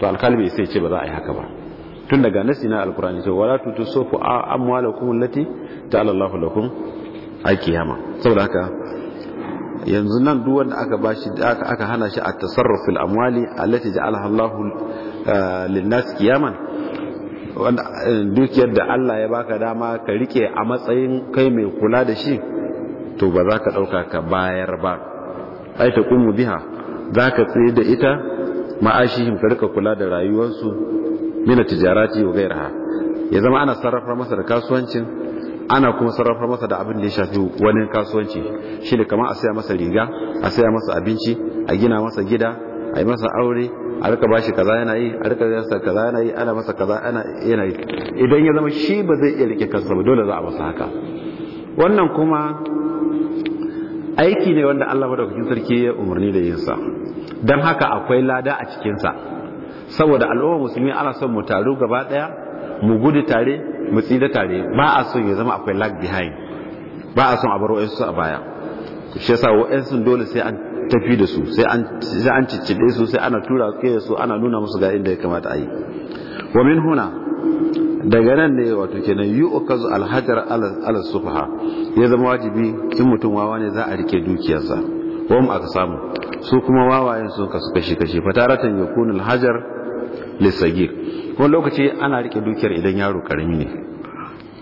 to alkali bai sai ce ba za a yi haka ba tun daga nasi na alkurani ce wala tutu sofu amwalakum allati ta'ala Allahu lakum aiki kiyama saboda haka yanzu nan duk wanda aka bashi aka hana shi a tasarrufil amwali allati ja'alaha Allahu eh, linnas kiyaman. wanda eh, yadda da Allah ya baka dama ka rike a matsayin kai mai kula da shi to ba za ka dauka ka bayar ba ai ta kumu biha za ka tsaye da ita ma'ashihim ka rika kula da rayuwarsu mina tijarati wa gairaha ya zama ana sarrafa masa da kasuwancin ana kuma sarrafar masa da abin da ya shafi wani kasuwanci shi ne kamar a saya masa riga a saya masa abinci a gina masa gida a yi masa aure a rika bashi kaza yana yi a rika masa kaza yana yi ana masa kaza yana yi idan ya zama shi ba zai iya rike kansa ba dole za a masa haka wannan kuma aiki ne wanda Allah madaukakin sarki ya umarni da yinsa don haka akwai lada a cikinsa saboda al'umma musulmi ana son mu taru gaba daya mu gudu tare mu tsida tare ba a son ya zama akwai lag behind ba a son a bar wa'ansu a baya shi yasa wa'ansu dole sai an tafi da su sai an ciccibe su sai ana tura kai su ana nuna musu ga inda ya kamata ayi. wa min huna daga nan ne wato kenan yu ukazu alhajar ala sufaha ya zama wajibi kin mutum wawa ne za a rike dukiyarsa mu aka samu su kuma wawayen sun kasu kashi kashi fataratan yakunu alhajar lisagir wani lokaci ana rike dukiyar idan yaro karami ne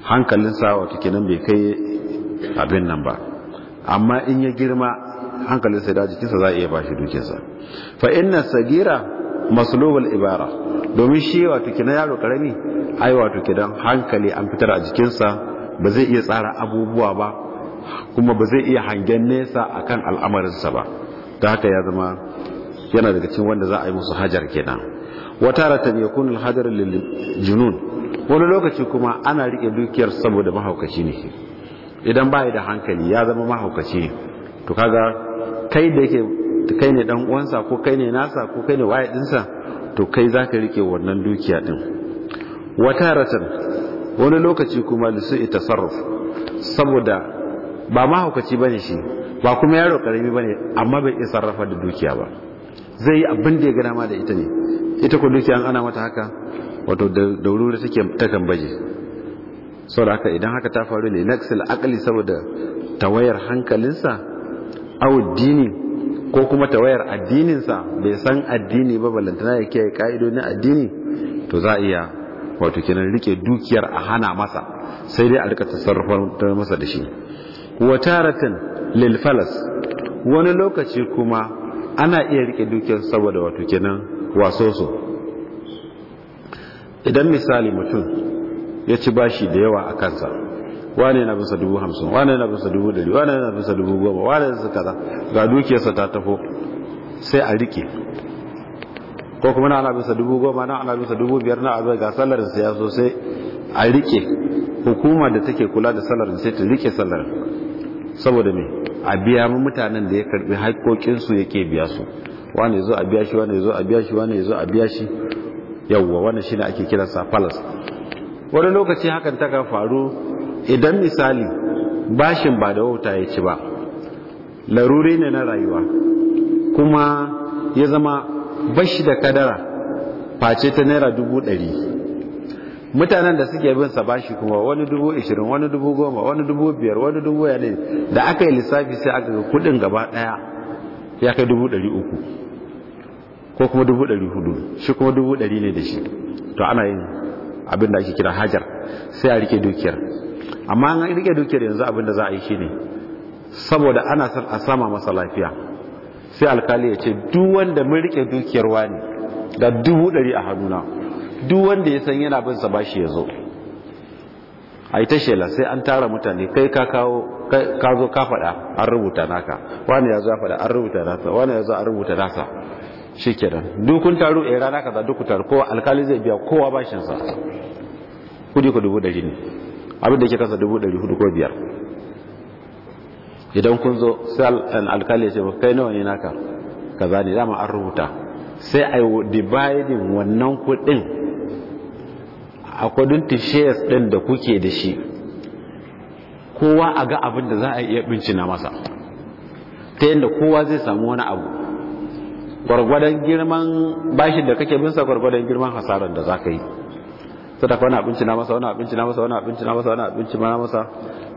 hankalinsa wato kenan bai kai abin nan ba amma in ya girma hankalin hankalinsa da jikinsa za a iya bashi dukiyarsa fa inna sagira maslubul ibara domin shi wato kina yaro karami ai wato kidan hankali an fitar a jikinsa ba zai iya tsara abubuwa ba kuma ba zai iya hangen nesa akan al'amarinsa ba ta haka ya zama yana daga cikin wanda za a yi musu hajar kenan wataratan ya al-hadar lil junun wani lokaci kuma ana rike dukiyar saboda mahaukaci ne idan bayi da hankali ya zama mahaukaci to kaga kai da yake kai ne dan uwansa ko kai ne nasa ko kai ne waye dinsa to kai za ka rike wannan dukiya din wataratan wani lokaci kuma lisu tasarruf saboda ba mahaukaci bane shi ba kuma yaro ba ne amma bai iya sarrafa da dukiya ba zai yi abin da ya gana ma da ita ne ita ko dukiya ana mata haka wato da wuri take takan baje saboda haka idan haka ta faru ne naksil akali saboda tawayar hankalinsa au dini ko kuma tawayar addininsa bai san addini ba balantana ya kiyaye ka'idodin addini to za a iya wato kenan rike dukiyar a hana masa sai dai a rika tasarrufar masa da shi wa taratan lil falas wani lokaci kuma ana iya rike dukiyar saboda wato kenan waso idan misali mutum ya ci bashi da yawa a kansa wane na bisa dubu hamsin wane na bisa dubu dari wane na bisa dubu goma wane na kaza ga dukiyarsa ta tafo sai a rike ko kuma na ana bisa dubu goma na ana bisa dubu biyar na abin ga salarin sai ya so sai a rike hukuma da take kula da salarin sai ta rike salarin saboda me a biya mutanen da ya karbi haƙoƙinsu yake biya su wani zo a biya shi wani zo a biya shi wani zo a biya shi yawwa shi ne ake kiransa falas wani lokaci hakan ta kan faru idan misali bashin ba da wauta ya ci ba laruri ne na rayuwa kuma ya zama bashi da kadara face ta naira dubu ɗari mutanen da suke bin sa bashi kuma wani dubu ishirin wani dubu goma wani dubu biyar wani dubu yanayi da aka yi lissafi sai aka ga kudin gaba ɗaya ya kai dubu ɗari uku ko kuma dubu ɗari hudu shi kuma dubu ɗari ne da shi to ana yin abin da ake kira hajar sai a rike dukiyar amma an rike dukiyar yanzu abin da za a yi shi ne saboda ana son a sama masa lafiya sai alkali ya ce duk wanda mun rike dukiyar wani da dubu ɗari a hannuna duk wanda ya san yana bin sa bashi ya zo a yi ta shela sai an tara mutane kai ka kawo ka zo ka faɗa an rubuta naka wani ya zo ya faɗa an rubuta nasa wani ya zo an rubuta nasa shikenan duk kun taru a eh, rana kaza duk taru kowa alkali zai biya kowa bashin sa kudi ku dubu dari ne abin da ke kasa dubu dari hudu ko biyar idan kun zo sai alkali ya ce kai nawa ne naka kaza ne dama an rubuta sai a yi dividing wannan kudin a kudin shares ɗin da kuke da shi kowa a ga abin da za a iya bincina masa ta yadda kowa zai samu wani abu gwargwadon girman bashin da kake binsa gwargwadon girman hasaran da za ka yi ta daga wani abinci na masa wani abinci na masa wani abinci na masa wani abinci na masa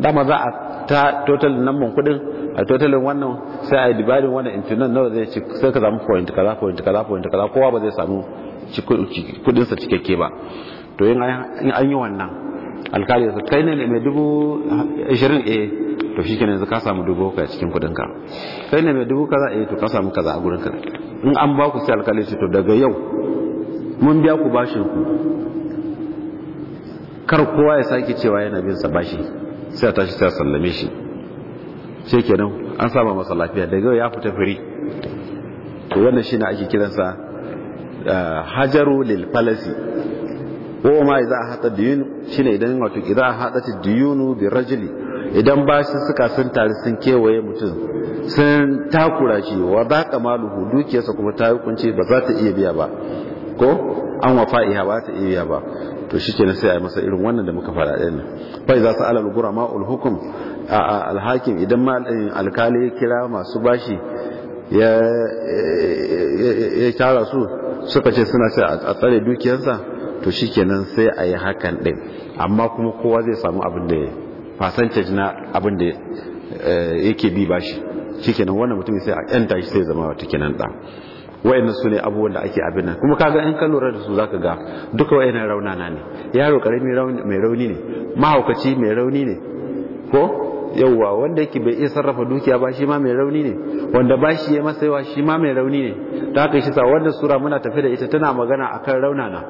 dama za a ta total nan mun kudin a totalin wannan sai a yi dividing wannan intanet nawa zai ci sai ka samu point kaza point kaza point kaza kowa ba zai samu kudinsa cikakke ba to yin an yi wannan alkali ya kai ne mai dubu ashirin a eh, to shi kenan ka samu dubu ka cikin kudin ka kai ne mai dubu kaza a eh, to ka samu kaza a gurin ka in an ba ku sai alkali to daga yau mun biya ku bashin ku kar kowa ya sake cewa yana bin sa bashi sai ta tashi sai sallame shi sai kenan an saba masa lafiya daga yau ya fita fari to wannan shine ake kiransa eh, hajaru lil falasi ko ma idza hatta diyun shine idan wato idza hatta diyunu bi rajuli idan bashi suka sun tare sun kewaye mutum sun takura shi wa za ka luhu dukiyarsa kuma ta hukunci ba za ta iya biya ba ko an wafa iya ba ta iya biya ba to shi ke sai a yi masa irin wannan da muka fara ɗin fai za su ala lugura ma ulhukum a alhakim idan ma eh, alkali kira masu bashi ya tara su suka ce suna sai a tsare dukiyarsa to shi kenan sai a yi hakan ɗin amma kuma kowa zai samu abin da ya yi percentage na abin da eh, yake bi ba shi shikenan wannan mutum sai a yanta shi sai zama wata kenan da wayannan su ne abubuwan da ake abin nan kuma kaga in ka lura da su zaka ga duka wayannan raunana ne yaro karami mai rauni ne mahaukaci mai rauni ne ko yauwa wanda yake bai iya sarrafa dukiya ba shi ma mai rauni ne wanda ba shi ya masa yawa shi ma mai rauni ne ta haka shi sa wannan sura muna tafi da ita tana magana akan raunana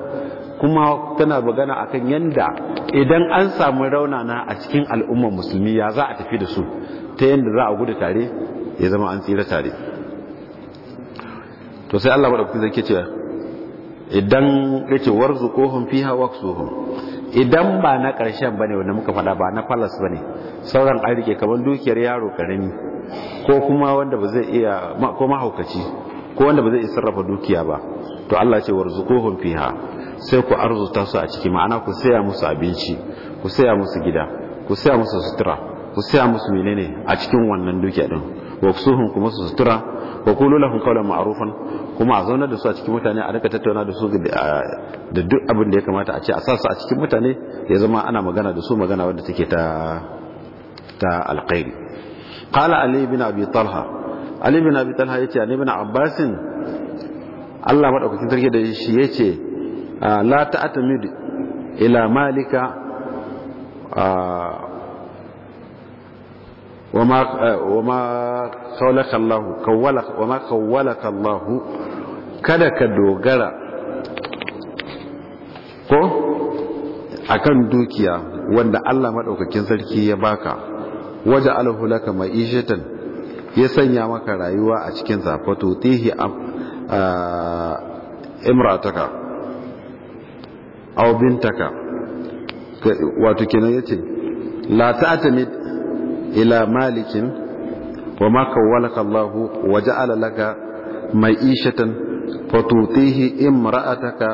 kuma tana magana akan yanda idan an samu raunana a cikin al'ummar musulmi ya za a tafi da su ta yanda za a gudu tare ya zama an tsira tare to sai Allah madaukaki zai ce idan yace warzuquhum fiha waqsuhum idan ba na karshen bane wanda muka faɗa ba na falas bane sauran an rike kamar dukiyar yaro karami ko kuma wanda ba zai iya ko mahaukaci ko wanda ba zai iya sarrafa dukiya ba to Allah ya ce warzuquhum fiha sai ku arzuta su a ciki ma'ana ku saya musu abinci ku saya musu gida ku saya musu sutura ku saya musu menene a cikin wannan dukiya din wa kusuhun kuma su sutura wa kulu lahum qawlan ma'rufan kuma a zaunar da su a cikin mutane a rika tattauna da su da duk abin da ya kamata a ce a sassa a cikin mutane ya zama ana magana da su magana wadda take ta ta alkhairi qala ali bin abi talha ali bin abi talha yace ali bin abbasin Allah madaukakin sarki da shi yace Ah, la ta'tamid ila malika وما وما خولك الله كولك وما الله kada ka dogara ko kan dukiya wanda Allah maɗaukakin sarki ya baka waje alhula laka ma'ishatan ya sanya maka rayuwa a cikin zafato tihi ah, imrataka aw bintaka wato kenan yace la ta'tamid ila malikin wa ma kawalaka Allah wa ja'ala laka ma'ishatan fatutihi imra'ataka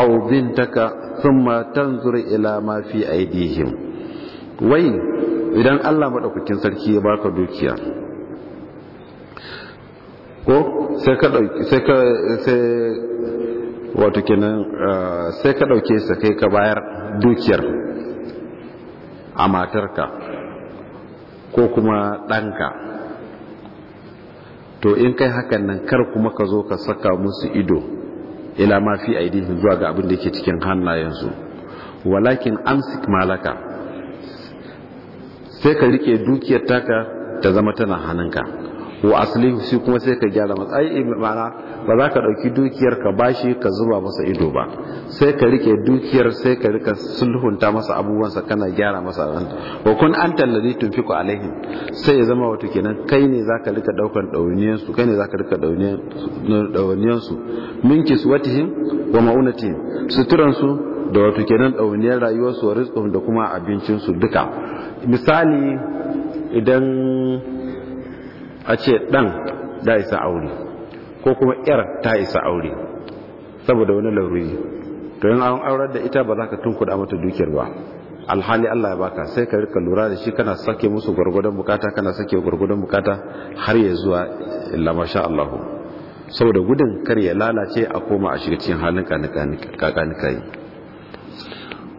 aw bintaka thumma tanzur ila ma fi aydihim wai idan Allah madaukakin sarki ya baka dukiya ko sai ka sai wato kenan eh, sai ka ɗauke sa kai ka bayar dukiyar a matarka ko kuma ɗanka to in kai hakan nan kar kuma ka zo ka saka musu ido ila ma fi aidihin zuwa ga abin da ke cikin hannayensu walakin amsik malaka sai ka rike dukiyar taka ta zama tana hannunka wa aslihu shi kuma sai ka gyara masa ai ma'ana ba za ka dauki dukiyar ka bashi ka zuba masa ido ba sai ka rike dukiyar sai ka rika sulhunta masa abubuwan sa kana gyara masa ran wa kun anta alladhi tunfiqu alaihim sai ya zama wato kenan kai ne zaka rika daukan dauniyan su kai ne zaka rika dauniyan su min kiswatihim wa ma'unatihim suturan su da wato kenan dauniyar rayuwar su rizqum da kuma abincin su duka misali idan a ce ɗan da isa aure ko kuma ‘yar ta isa aure saboda wani lauri to yin an aurar da ita ba za ka tunkuda mata dukiyar ba alhali Allah ya baka sai ka rika lura da shi kana sake musu gwargwadon bukata kana sake gwargwadon bukata har ya zuwa illa masha Allah saboda gudun kar ya lalace a koma a shiga cikin halin kakanika yi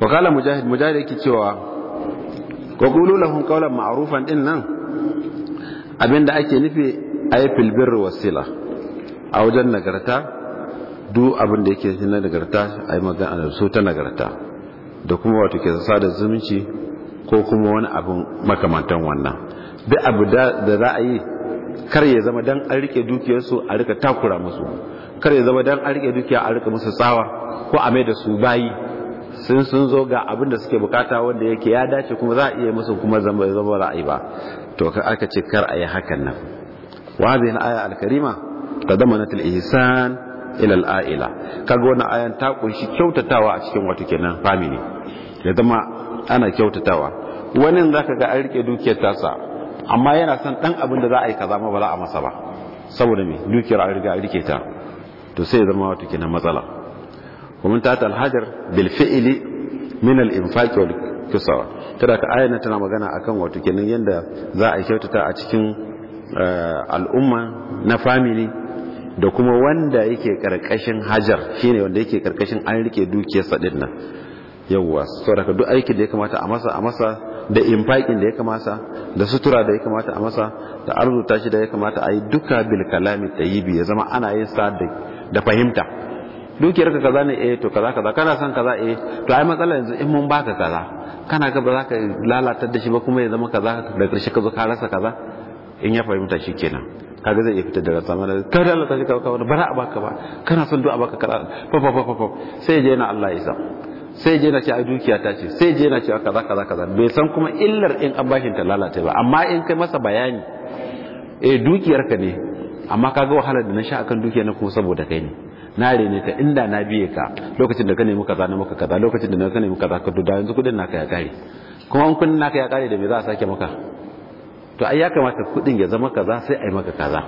wakala mujahid mujahid yake cewa ko qulu lahum qawlan ma'rufan din nan abinda ake nufi a yi filbirri wasila a wajen nagarta duk abinda yake na nagarta a yi magana da su ta nagarta da kuma wato ke sassa da zumunci ko kuma wani abin makamantan wannan duk abu da za a yi kar ya zama don an rike dukiyarsu a rika takura musu kar ya zama don an rike dukiya a rika musu tsawa ko a mai da su bayi sun sun zo ga abin da suke bukata wanda yake ya dace kuma za a iya musu kuma zama zama ra'ayi ba to ka aka ce kar a yi hakan nan wa hadhihi na aya alkarima ta tadamanat al ila aila kaga wannan ayan ta kunshi kyautatawa a cikin wato kenan family ya zama ana kyautatawa wani zaka ga an rike dukiyar tasa amma yana son dan abin da za a yi kaza ma ba za a masa ba saboda me dukiyar an riga an rike ta to sai ya zama wato kenan matsala kuma ta ta Alhajar bil fi'li min al wal kisawa kada ka ayyana tana magana akan wato kenan yadda za a kyautata a cikin eh, al'umma na famili da kuma wanda yake karkashin hajar shine wanda yake karkashin an rike dukiyarsa sadin nan yawwa ka duk aikin da ya kamata a masa a masa da infakin da ya kamata da sutura da ya kamata a masa da arzuta shi da ya kamata a yi duka bil kalami yi ya zama ana yin sa da fahimta dukiyar ka kaza ne eh to kaza kaza kana son kaza eh to ai matsalar yanzu in mun baka kaza kana ga ba za ka lalatar da shi ba kuma ya zama kaza da karshe ka zo ka rasa kaza in ya fahimta shi kenan kaga zai iya fitar da rasa mana ka da Allah ta shi ka kawo ba za a baka ba kana son du'a baka kaza fa fa fa fa sai je na Allah ya isa sai je na ci a dukiya ta ce sai je na ce kaza kaza kaza bai san kuma illar in an bashin ta lalata ba amma in kai masa bayani eh dukiyar ka ne amma kaga wahalar da na sha akan dukiya na kuma saboda kai ne na rene ka inda na biye ka lokacin da ka nemi kaza na maka kaza lokacin da na ka nemi kaza ka duda yanzu kudin naka ya kare kuma in kudin naka ya kare da me za a sake maka to ai ya kamata kudin ya zama kaza sai ai maka kaza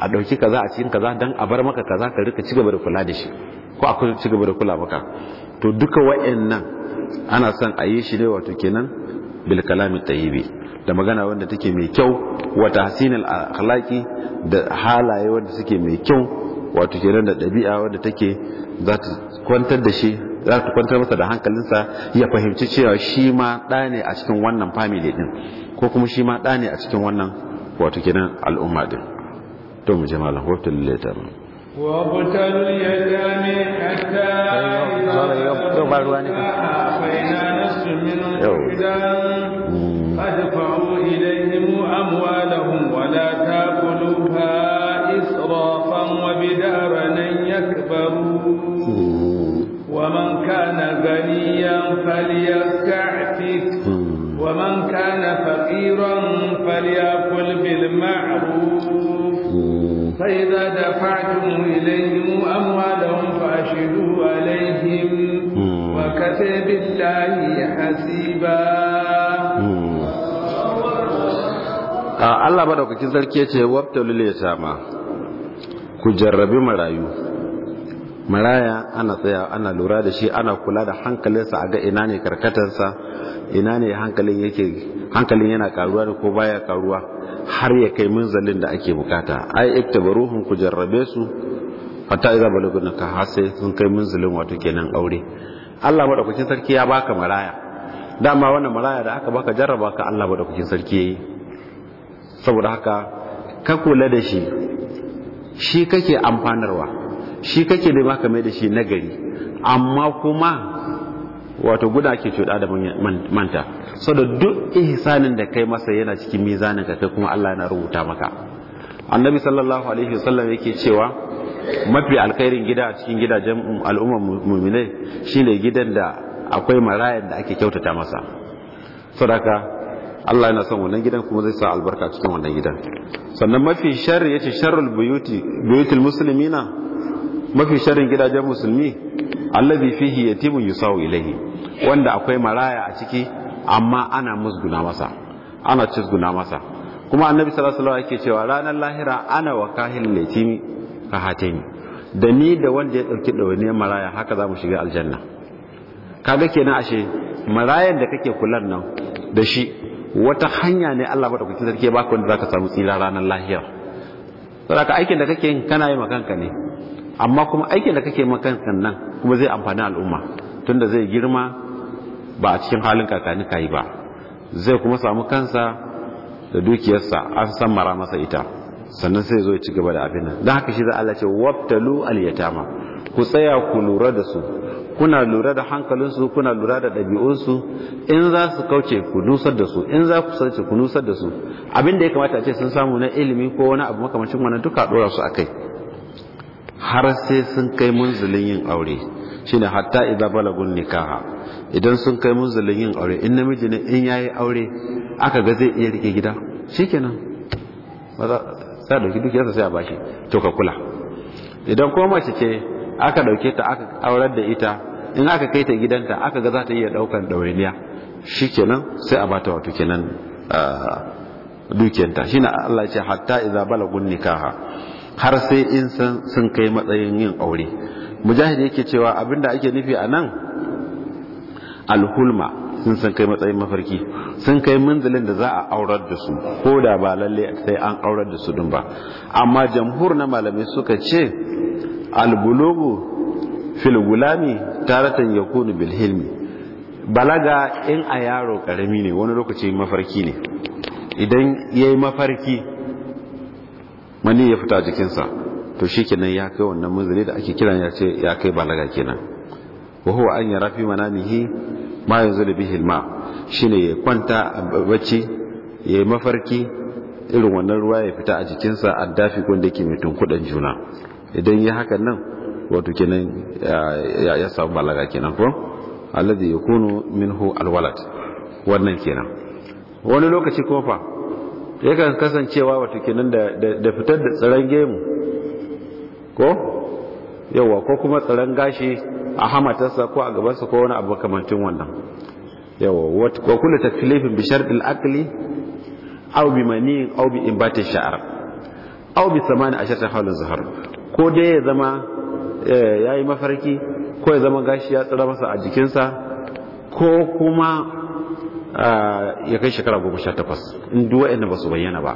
a dauki kaza a cikin kaza dan a bar maka kaza ka rika cigaba da kula da shi ko a cigaba da kula maka to duka wa'annan ana son a yi shi ne wato kenan bil kalamit tayyibi da magana wanda take mai kyau wa tahsinil akhlaqi da halaye wanda suke mai kyau wato kenan da ɗabi'a wadda take za ta kwantar da shi za ta kwantar masa da hankalinsa ya fahimci cewa shi ma ɗa ne a cikin wannan family din ko kuma shi ma ɗa ne a cikin wannan wato kenan al'umma din to mu je malam wata ruwa ne وابتلوا اليتامى حتى إذا أعطينا نصف منه فدفعوا فليستعفف ومن كان فقيرا فليأكل بالمعروف فإذا دفعتم إليهم أموالهم فأشهدوا عليهم وكفى بالله حسيبا Allah madaukakin sarki ya ce wabtalu lil yatama ku jarrabi marayu maraya ana tsaya ana lura da shi ana kula da hankalinsa a ga ina ne karkatarsa ina ne hankalin yake hankalin yana karuwa da ko baya karuwa har ya kai munzalin da ake bukata ai iktabaruhum ku jarrabe su hatta iza balagun ka hase sun kai munzalin wato kenan aure Allah madaukakin sarki ya baka maraya dama wannan maraya da aka baka jarraba ka Allah madaukakin sarki yayi saboda haka ka kula da shi shi kake amfanarwa shi kake nema maka mai da shi nagari amma kuma wato guda ke cuɗa da manta saboda duk ihsanin da kai masa yana cikin mizanin ka kai kuma Allah yana rubuta maka annabi sallallahu alaihi wasallam yake cewa mafi alkhairin gida a cikin gidajen al'ummar mu'minai shine gidan da akwai marayan da ake kyautata masa sadaka Allah yana son wannan gidan kuma zai sa albarka cikin wannan gidan sannan mafi sharri yace sharrul buyuti buyutul muslimina mafi sharin gidajen musulmi allazi fihi yatimun yusawu ilaihi wanda akwai maraya a ciki amma ana musguna masa ana cisguna masa kuma annabi sallallahu alaihi wasallam yake cewa ranar lahira ana wa kahil yatimi ka hatimi da ni da wanda ya dauki dawaniya maraya haka za mu shiga aljanna kaga kenan ashe marayan da kake kulan nan da shi wata hanya ne Allah madaukakin sarki ya baka wanda zaka samu tsira ranar lahira saboda aikin da kake yin kana yi makanka ne amma kuma aikin da kake makanka nan kuma zai amfani al'umma tunda zai girma ba a cikin halin kakani kayi ba zai kuma samu kansa da dukiyarsa an san mara masa ita sannan sai zo ya ci gaba da abin nan don haka shi za Allah ce wabtalu aliyatama ku tsaya ku lura da su kuna lura da hankalinsu kuna lura da ɗabi'unsu in za su kauce ku nusar da su in za ku sace ku nusar da su abin da ya kamata a ce sun samu na ilimi ko wani abu makamancin wannan duka ɗora su a kai. har sai sun kai munzulin yin aure shine hatta idza balagun nikaha idan sun kai munzulin yin aure in namiji ne in yayi aure aka ga zai iya rike gida shikenan maza sai dauki dukiyarsa sai a bashi to ka kula idan ko mace ce aka dauke ta aka aurar da ita in aka kai ta gidanta aka ga za ta iya daukan dawainiya shikenan sai a bata wato kenan ah, dukiyanta shine Allah ya ce hatta idza balagun nikaha har sai in san sun kai matsayin yin aure mujahid yake cewa abinda ake nufi a nan alhulma sun san kai matsayin mafarki sun kai munzalin da za a aurar da su ko da ba lalle sai an aurar da su din ba amma jamhur na malamai suka ce albulugu fil gulami taratan yakunu bil hilmi balaga in a yaro karami ne wani lokaci mafarki ne idan yayi mafarki mani ya fita jikinsa to shi kenan ya kai wannan munzali da ake kiran ya ce ya kai balaga kenan wa huwa an yara fi manamihi ma yanzu bihin ma shine ya kwanta a bacci ya yi mafarki irin wannan ruwa ya fita a jikinsa a dafi wanda ke mai tunkuɗan juna idan ya haka nan wato kenan ya samu balaga kenan ko alladhi yakunu minhu alwalad wannan kenan wani lokaci kofa to yakan kasancewa wato da da fitar da tsaron gemu ko yawa ko kuma tsaron gashi a hamatarsa ko a gabansa ko wani abu kamantin wannan yawa wa kullu taklifin bi shartil aqli au bi mani au bi imbati sha'ar au bi a shirta halin zahar ko dai ya zama eh, ya yi mafarki ko ya zama gashi ya tsira masa a jikinsa ko kuma ya kai shekara goma sha takwas in duk waɗanda ba su bayyana ba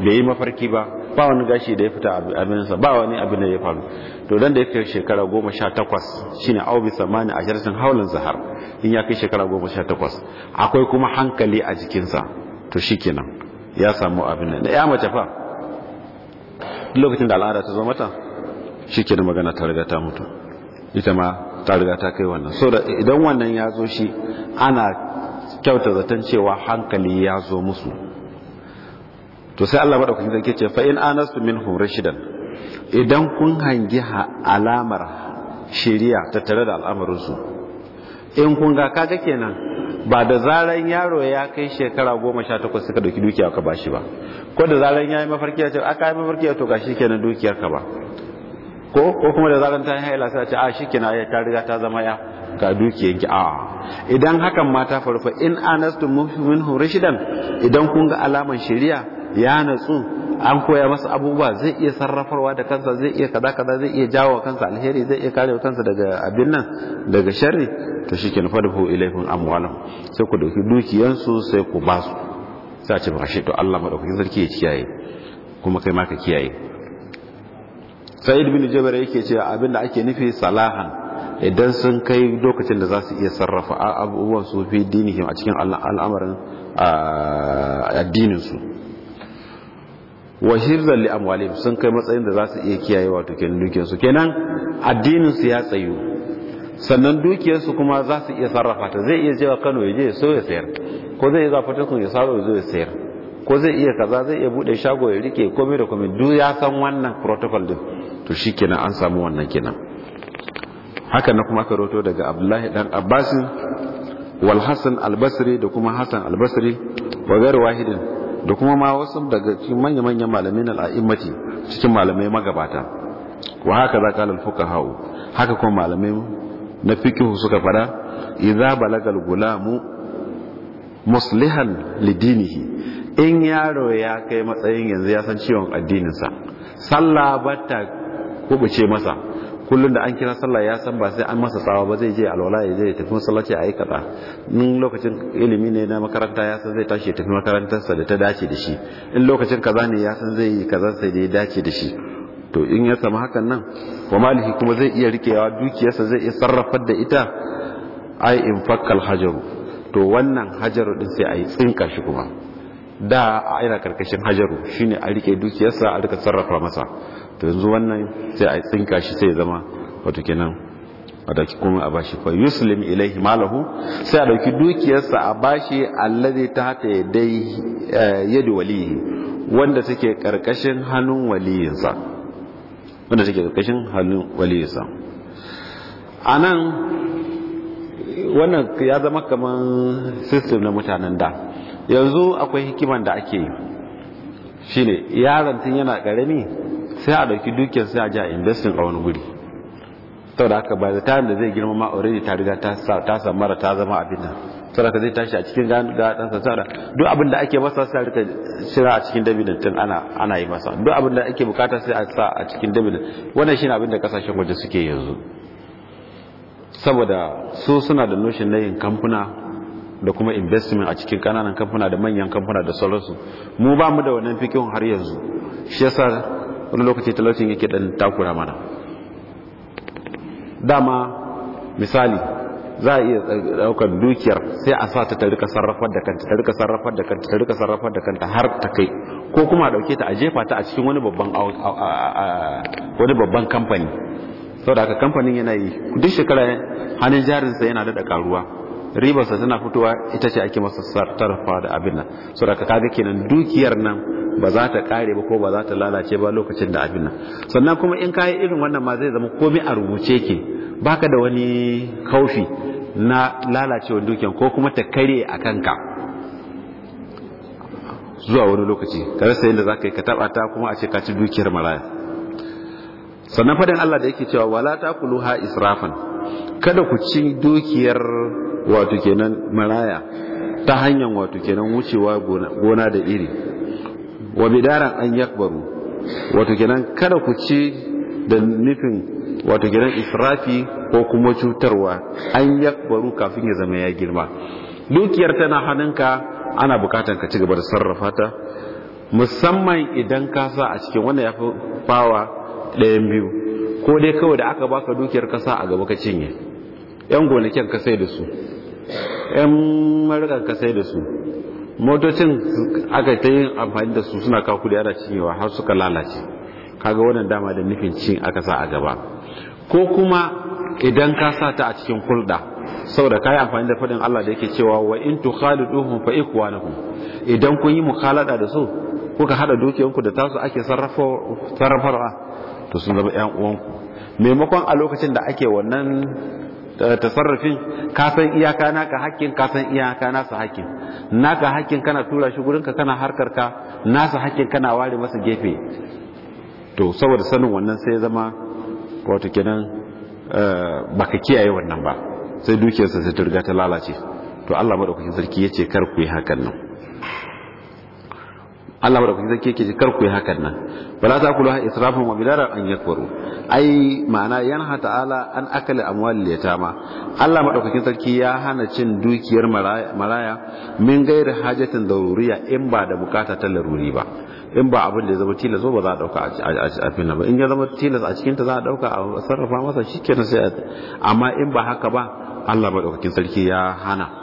bai yi mafarki ba ba wani gashi da ya fita abinsa ba wani abin da ya faru to dan da ya kai shekara goma sha takwas shine aubi bi samani a jarsin haulin zahar in ya kai shekara goma sha takwas akwai kuma hankali a jikinsa to shikenan ya samu abin da ya mace fa lokacin da al'ada ta zo mata shikenan magana ta riga ta mutu ita ma ta riga ta kai wannan so da idan wannan ya zo shi ana kyauta zaton cewa hankali ya zo musu to sai Allah madaukakin yake ce fa in anastu minhum rashidan idan kun hangi alamar shiriya tattare da su in kun ga kaga kenan ba da zaran yaro ya kai shekara goma sha takwas suka ɗauki dukiya ka bashi ba ko da zaran yayi mafarki ya ce aka yi mafarki ya to gashi kenan dukiyar ka ba ko ko kuma da zaran ta haila sai a ce a shikenan ya ta riga ta zama ya ga ki? a idan hakan ma ta faru fa in anastu minhum rashidan idan kun ga alaman shari'a ya natsu an koya masa abubuwa zai iya sarrafarwa da kansa zai iya kaza kaza zai iya jawo kansa alheri zai iya kare kansa daga abin nan daga sharri to shikenan fadhu ilaikum amwalahum sai ku dauki dukiyansu sai ku basu sai a ce ba shi to Allah madaukakin sarki ya kiyaye kuma kai ma ka kiyaye sa'id bin jabir yake cewa abinda ake nufi salahan idan sun kai lokacin da za su iya sarrafa abubuwan su fi dinihim a cikin al'amarin addininsu wa hirzan sun kai matsayin da za su iya kiyaye wato kenan dukiyarsu kenan addininsu ya tsayu sannan dukiyarsu kuma za su iya sarrafa ta zai iya cewa kano ya je ya so sayar ko zai iya zafatakun ya ya zo ya sayar ko zai iya kaza zai iya bude shago ya rike komai da komai duk ya san wannan protocol din to shikenan an samu wannan kenan haka na kuma karoto daga Abdullahi dan Abbas wal Hasan al-Basri da kuma Hasan al-Basri wa gar wahidin da kuma ma wasu daga cikin manya manyan malamin al-a'immati cikin malamai magabata wa haka za ka fuqaha haka kuma malamai na fiqh suka fara idza balagal gulamu muslihan lidinihi in yaro ya kai matsayin yanzu ya san ciwon addininsa sallah ba ta kubuce masa kullum da an kira sallah ya san ba sai an masa tsawa ba zai je alwala ya je tafi masallaci a aikata in lokacin ilimi ne na makaranta ya san zai tashi ya tafi makarantarsa da ta dace da shi in lokacin kaza ne ya san zai yi kaza sai da ya dace da shi to in ya samu hakan nan wa maliki kuma zai iya rikewa dukiyarsa zai iya sarrafa da ita ai in fakkal hajaru to wannan hajaru din sai a yi tsinka shi kuma da a yana karkashin hajaru shine a rike dukiyarsa a rika sarrafa masa to yanzu wannan sai a tsinka shi sai zama wato kenan a daki kuma a bashi fa yuslim ilaihi malahu sai a dauki dukiyarsa a bashi allazi ta hata dai eh, yadi waliyi wanda take karkashin hannun waliyinsa wanda take karkashin hannun waliyinsa anan wannan ya zama kaman system na mutanen da yanzu akwai hikiman da ake yi ne, yaron tun yana karami sai a dauki dukiyar sai a ji a investing a wani guri da haka ba da time da zai girma ma already ta riga ta samara ta zama abin nan saboda zai tashi a cikin gano da dan sassara duk abin da ake masa sai a rika shira a cikin dabi tun ana ana yi masa duk abin da ake bukata sai a sa a cikin dabinin wannan shine abin da kasashen waje suke yanzu saboda su suna da noshin na yin kamfuna da kuma investment a cikin kananan kamfuna da manyan kamfuna da sauransu mu ba mu da wannan fikihun har yanzu shi yasa wani lokaci talaucin yake dan takura mana dama misali za a iya daukar dukiyar sai a sa ta ta rika sarrafar da kanta ta rika sarrafar da kanta ta rika sarrafar da kanta har ta kai ko kuma a dauke ta a jefa ta a cikin wani babban wani babban kamfani saboda haka kamfanin yana yi duk shekara hannun jarinsa yana daɗa karuwa ribarsa tana fitowa ita ce ake masa sarrafa da abin nan so da kaga kenan dukiyar nan ba za ta kare ba ko ba za ta lalace ba lokacin da abin nan sannan kuma in kayi irin wannan ma zai zama komai a rubuce ke baka da wani kaufi na lalacewar dukiyar ko kuma ta kare a kanka zuwa wani lokaci ka rasa yadda za yi ka taba ta kuma a ce ka ci dukiyar maraya sannan faɗin Allah da yake cewa wala ta kuluha israfan kada ku ci dukiyar wato kenan maraya ta hanyar wato kenan wucewa gona da iri wa bidaran an yakbaru wato kenan kada ku ci da nufin wato kenan israfi ko kuma cutarwa an yakbaru kafin ya zama ya girma dukiyar tana hannunka ana bukatan ka ci gaba da sarrafa ta musamman idan ka sa a cikin wanda ya fi fawa ɗayan biyu ko dai kawai da aka baka dukiyar kasa a gaba ka cinye yan gonakin ka sai da su 'yan marukan ka sai da su motocin aka ta yin amfani da su suna kawo kudi ana cinyewa har suka lalace kaga wannan dama da nufin cin aka sa a gaba ko kuma idan ka sa ta a cikin hulɗa saboda ka yi amfani da faɗin Allah da yake cewa wa in tukhaliduhum fa ikwanuhum idan kun yi mukhalada da su kuka hada dukiyanku da tasu ake sarrafarwa to sun zama ƴan uwanku maimakon a lokacin da ake wannan Eh, tasarrafi ka san iyaka naka hakkin ka san iyaka nasu hakkin naka hakkin kana tura shi gurin ka kana harkar ka nasu hakkin kana ware masa gefe to saboda sanin wannan sai zama wato kenan eh, baka kiyaye wannan ba sai dukiyarsa sai ta riga ta lalace to Allah madaukakin sarki yace kar ku yi hakan nan Allah madaukaki sarki yake kar ku yi hakan nan wala ta kula israfan wa bilara an yakfuru ai ma'ana yanha ta'ala an akala amwal yatama Allah madaukaki sarki ya hana cin dukiyar maraya min gairi hajatin daruriya in ba da bukata ta laruri ba in ba abin da ya zama tilas ba za a dauka a fina ba in ya zama tilas a cikinta za a dauka a sarrafa masa shikenan sai amma in ba haka ba Allah madaukakin sarki ya hana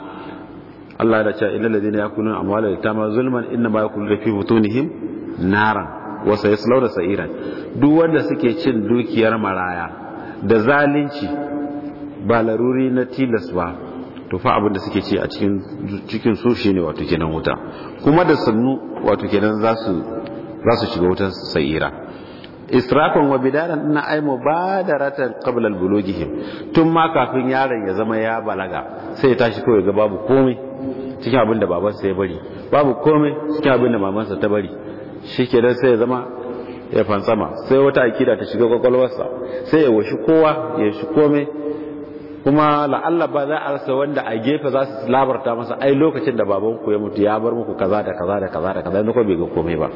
Allah da cewa illal ladina yakununa amwala yatama zulman inna ma yakunu fi butunihim nara wa da sa'ira duk wanda suke cin dukiyar maraya da zalunci ba laruri na tilas ba to fa abin da suke ci a cikin cikin su shine wato kenan wuta kuma da sannu wato kenan za su za su shiga wutar sa'ira israfan wa bidaran ina da mubadaratan qabla bulugihim tun ma kafin yaron ya zama ya balaga sai ya tashi kawai ga babu komai cikin abin da babansa ya bari babu komai cikin abin da mamansa ta bari shikenan sai ya zama ya fansama sai wata akida ta shiga kwakwalwarsa sai ya washi kowa ya shi komai kuma la'alla ba za a rasa wanda a gefe za su labarta masa ai lokacin da babanku ya mutu ya bar muku kaza da kaza da kaza da kaza ne ko bai ga komai ba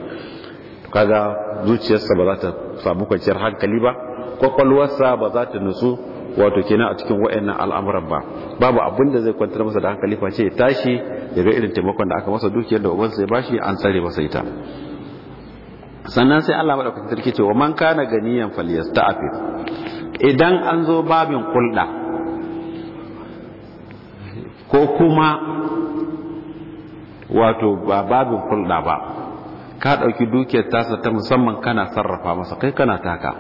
kaga zuciyarsa ba za ta samu kwanciyar hankali ba kwakwalwarsa ba za ta nutsu wato kenan a cikin wayannan al'amuran ba babu abin da zai kwantar masa da hankali face ya tashi ya ga irin taimakon da aka masa dukiyar da ubansa ya bashi an tsare masa ita sannan sai Allah madaukakin sarki ce wa man kana ganiyan falyasta'fif idan an zo babin kulda ko kuma wato ba babin kulda ba ka ɗauki dukiyar tasa ta musamman kana sarrafa masa kai kana taka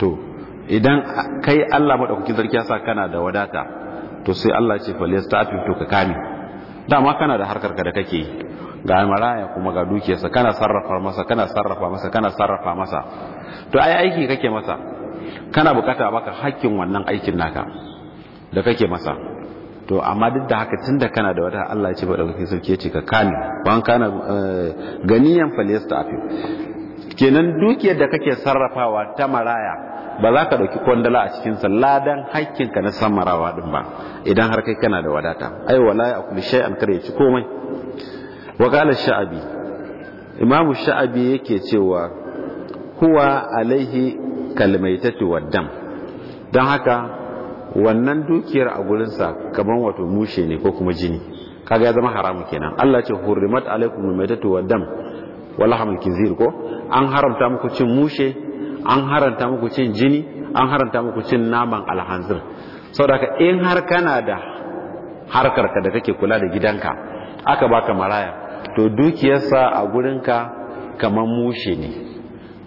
to idan kai Allah maɗaukaki ya sa kana da wadata to sai Allah ce yastafi to ka kame dama kana da harkar ka da kake yi ga maraya kuma ga dukiyarsa kana sarrafa masa kana sarrafa masa kana sarrafa masa to ai aiki kake masa kana bukata baka hakkin wannan aikin naka da kake masa to amma duk da haka tunda kana da wata Allah ce ba kake sarki ce ka kan wan kana eh, ganiyan faliyasta afi kenan dukiyar da kake sarrafawa ta maraya ba za ka ɗauki kwandala a cikin salladan ladan ka na samarawa din ba idan har kai kana da wadata ai wallahi ya akuli shay'an kare ci komai wa sha'abi imamu sha'abi yake cewa huwa alaihi kalmaitatu waddam don haka wannan dukiyar a gurinsa kamar wato mushe ne ko kuma jini kaga ya zama haramun kenan Allah ce hurrimat alaikum maitatu wa dam wa lahmul khinzir ko an haramta muku cin mushe an haramta muku cin jini an haramta muku cin naman alhanzir saboda in har kana da harkarka da kake kula da gidanka aka baka maraya to dukiyarsa a gurinka kamar mushe ne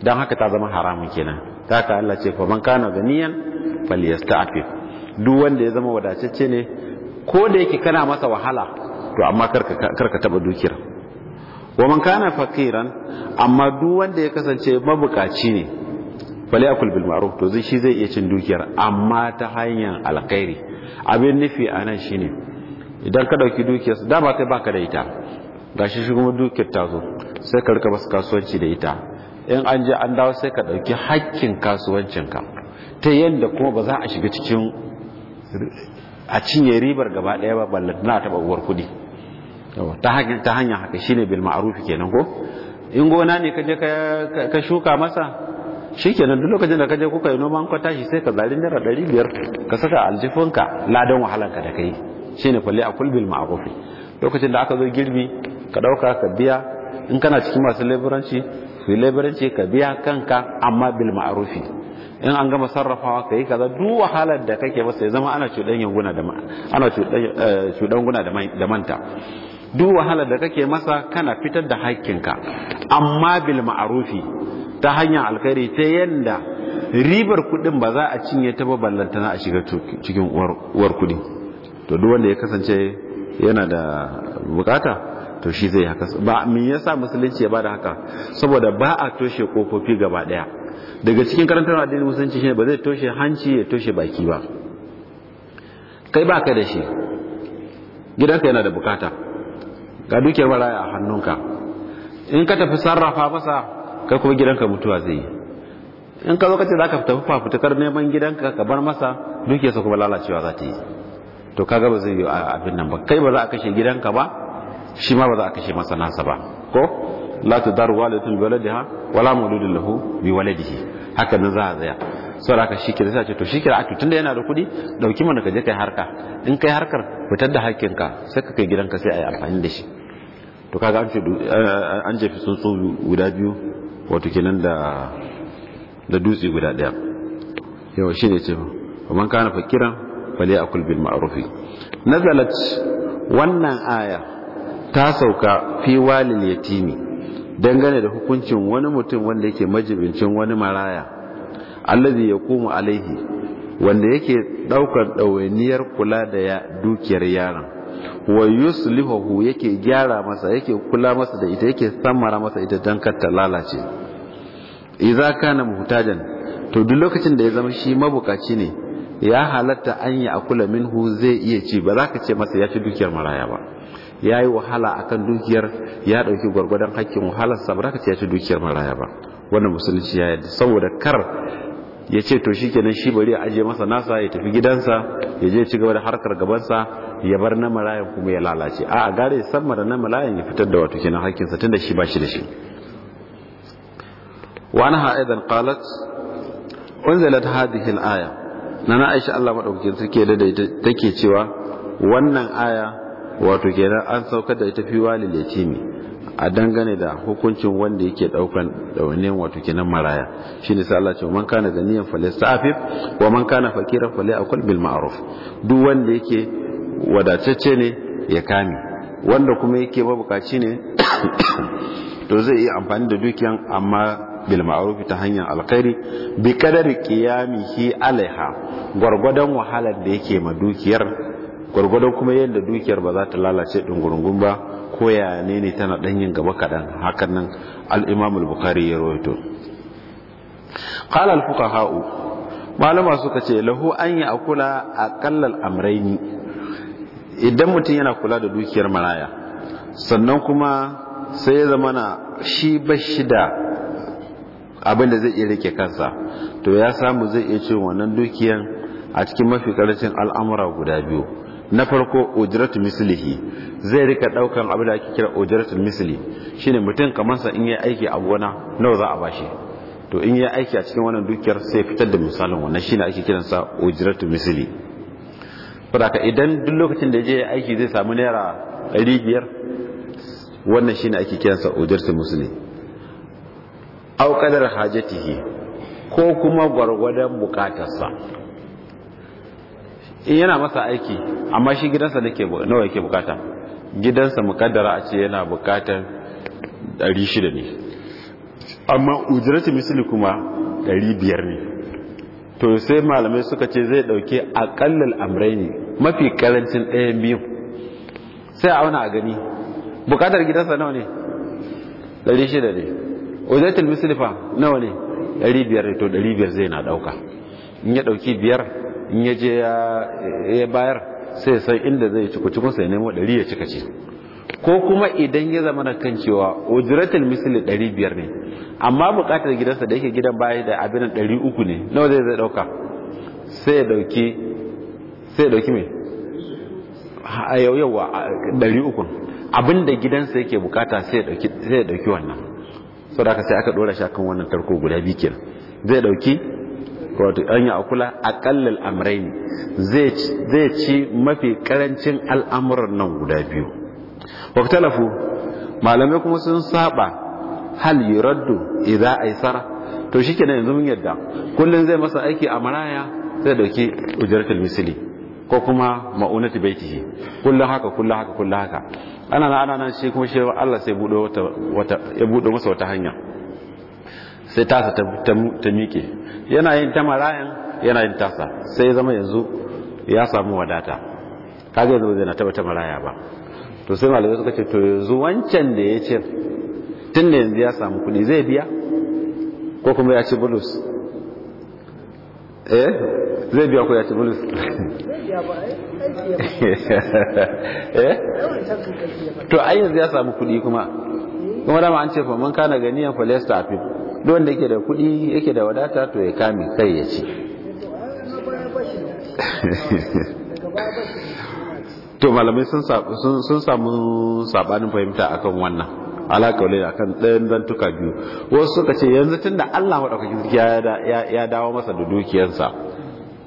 don haka ta zama haramun kenan ta ka Allah ce fa man kana ganiyan duk wanda ya zama wadatacce ne ko da yake kana masa wahala to amma karka taba dukiyar wa man kana fakiran amma duk wanda ya kasance mabukaci ne fali akul bil ma'ruf to zai shi zai iya cin dukiyar amma ta hanyar alkhairi abin nufi anan shine idan ka dauki dukiyar ba kai baka da ita gashi shi kuma dukiyar ta zo sai ka rika kasuwanci da ita in an je an dawo sai ka dauki hakkin kasuwancinka ta yadda kuma ba za a shiga cikin a cinye ribar gaba ɗaya ba ballata na ta uwar kuɗi ta hanya haka shine bil ma'ruf kenan ko in gona ne ka ka shuka masa shikenan duk lokacin da ka je kuka yi noman ka tashi sai ka zari naira ɗari biyar ka saka aljifinka ladan ka da kai shine ne falle a bil ma'ruf lokacin da aka zo girbi ka ɗauka ka biya in kana cikin masu leburanci su leburanci ka biya kanka amma bil ma'rufi in an gama sarrafawa kai kaza duk wahalar da kake masa ya zama ana eh, cuɗan guna da ana cuɗan guna da manta duk wahalar da kake masa kana fitar da haƙƙinka amma bil ma'arufi ta hanyar alkhairi ta yanda ribar kuɗin ba za a cinye ta ba ballantana a shiga cikin uwar kuɗi to duk wanda ya kasance yana da bukata to shi zai haka ba me yasa musulunci ya bada haka saboda ba a toshe kofofi gaba daya daga cikin karantar addinin musulunci shine ba zai toshe hanci ya toshe baki ba kai ba kai da shi gidanka yana da bukata ga dukiyar maraya a hannunka in ka tafi sarrafa masa kai kuma gidanka mutuwa zai yi in ka zo ka ce za ka tafi fafutukar neman gidanka ka bar masa dukiyarsa kuma lalacewa za ta yi to kaga ba zai yi abin nan ba kai ba za a kashe gidanka ba shi ma ba za a kashe masa nasa ba ko la tudaru walidatun bi waladiha wala mawludun lahu bi waladihi haka nan za a tsaya saboda haka shi kira ce to shi kira to tunda yana da kuɗi dauki mana ka je kai harka in kai harkar fitar da hakkinka sai ka kai gidanka sai a yi amfani da shi to kaga an ce an jefi tsuntsu guda biyu wato kenan da da dutse guda daya yawa shi ne ce man kana fakiran fali akul bil ma'arufi. nazalat wannan aya ta sauka fi walil yatimi dangane da hukuncin wani mutum wanda yake majibincin wani maraya allazi kuma alaihi wanda yake daukar dawainiyar kula da ya dukiyar yaron wa yuslihu yake gyara masa yake kula masa da ita yake samara masa ita dan kar ta lalace idza kana muhtajan to duk lokacin da ya zama shi mabukaci ne ya halatta an yi akula minhu zai iya ci ba za ka ce masa ya fi dukiyar maraya ba ya yi wahala a kan dukiyar ya ɗauki gwargwadon hakkin wahalar ba ka ce ya ci dukiyar maraya ba wannan musulunci ya yadda saboda kar ya ce to shi shikenan shi bari a ajiye masa nasa ya tafi gidansa ya je ci gaba da harkar gabansa ya bar na marayan kuma ya lalace a gare ya san mara na marayan ya fitar da wato kenan hakkinsa tunda shi ba shi da shi wa anha aidan qalat unzilat hadhihi al-aya nana aisha Allah madaukakin sarki da take cewa wannan aya wato kenan an saukar da ita fi walil yatimi a dangane da hukuncin wanda yake daukan dawainiyan wato kenan maraya shine sai Allah ce man kana ganiyan falyastafif wa man kana fakiran falyakul bil ma'ruf duk wanda yake wadatacce ne ya kame wanda kuma yake mabukaci ne to zai yi amfani da dukiyan amma bil ma'ruf ta hanyar alkhairi bi qadari qiyamihi alaiha gwargwadon wahalar da yake ma dukiyar gwargwadon kuma yadda dukiyar ba za ta lalace ɗungurungun ba ko ya ne ne tana ɗanyin gaba kaɗan hakan nan al'imamul bukari ya rohoto ƙalal fuka ha'u malama suka ce lahu an yi akula a ƙallal amraini idan mutum yana kula da dukiyar maraya sannan kuma sai ya zama na shi abin da abinda zai iya rike kansa to ya samu zai iya ce wannan dukiyar a cikin mafi ƙarancin al'amura guda biyu na farko ujratu mislihi zai rika daukan abin da ake kira ujratu misli shine mutum kamar sa in yayi aiki a gona nawa za a bashi to in yi aiki a cikin wannan dukiyar sai fitar da misalin wannan shine ake kiransa ujratu misli saboda idan duk lokacin da je aiki zai samu naira 500 wannan shine ake kiransa ujratu misli au qadar hajatihi ko kuma gwargwadon bukatarsa In yana masa aiki amma shi gidansa da nawa yake bukata gidansa mukaddara a ce yana bukatar 600 ne amma ujiratu misali kuma 500 ne to sai malamai suka ce zai dauke akallal ne mafi karancin ɗayan biyu sai a auna a gani bukatar gidansa nawa ne 600 ne ujiratul misali fa nawa ne 500 ne to 500 zai na dauka in ya dauki biyar in ya je ya bayar sai san inda zai ci kuci kusa ya nemo ɗari ya cika ci ko kuma idan ya zama na kan cewa ujratul misli ɗari biyar ne amma buƙatar gidansa da yake gidan baya da abin ɗari uku ne nawa zai zai ɗauka sai ya ɗauki sai ya ɗauki me a yau yawa ɗari uku abin da gidansa yake bukata sai ya ɗauki wannan saboda haka sai aka ɗora shi akan wannan tarko guda biyu kenan zai ɗauki wato an yi akula aƙallal amrain zai ci mafi ƙarancin al'amuran nan guda biyu waktalafu malamai kuma sun saba hal a yi tsara to shi kenan yanzu mun yadda kullum zai masa aiki a maraya zai dauki ujratul misli ko kuma ma'unati baitihi kullum haka kullum haka kullum haka ana nan ana nan shi kuma shi Allah sai ya buɗe masa wata hanya sai tasa ta miƙe yana yin ta marayan yana yin tasa sai ya zama yanzu ya samu wadata kaga yanzu zai na taba ta maraya ba to sai malamai suka ce to yanzu wancan da ya ce tun da yanzu ya samu kuɗi zai biya ko kuma ya ci bulus eh zai biya ko ya ci bulus eh? to ai yanzu ya samu kuɗi kuma kuma dama an ce fa mun kana ganiyan falesta afif duk wanda yake da kuɗi yake da wadata to ya kame kai ya ci to malamai sun samu sabanin fahimta akan wannan wale a kan ɗayan zantuka biyu wasu suka ce yanzu tun da allah maɗaukakin sarki ya dawo masa da dukiyarsa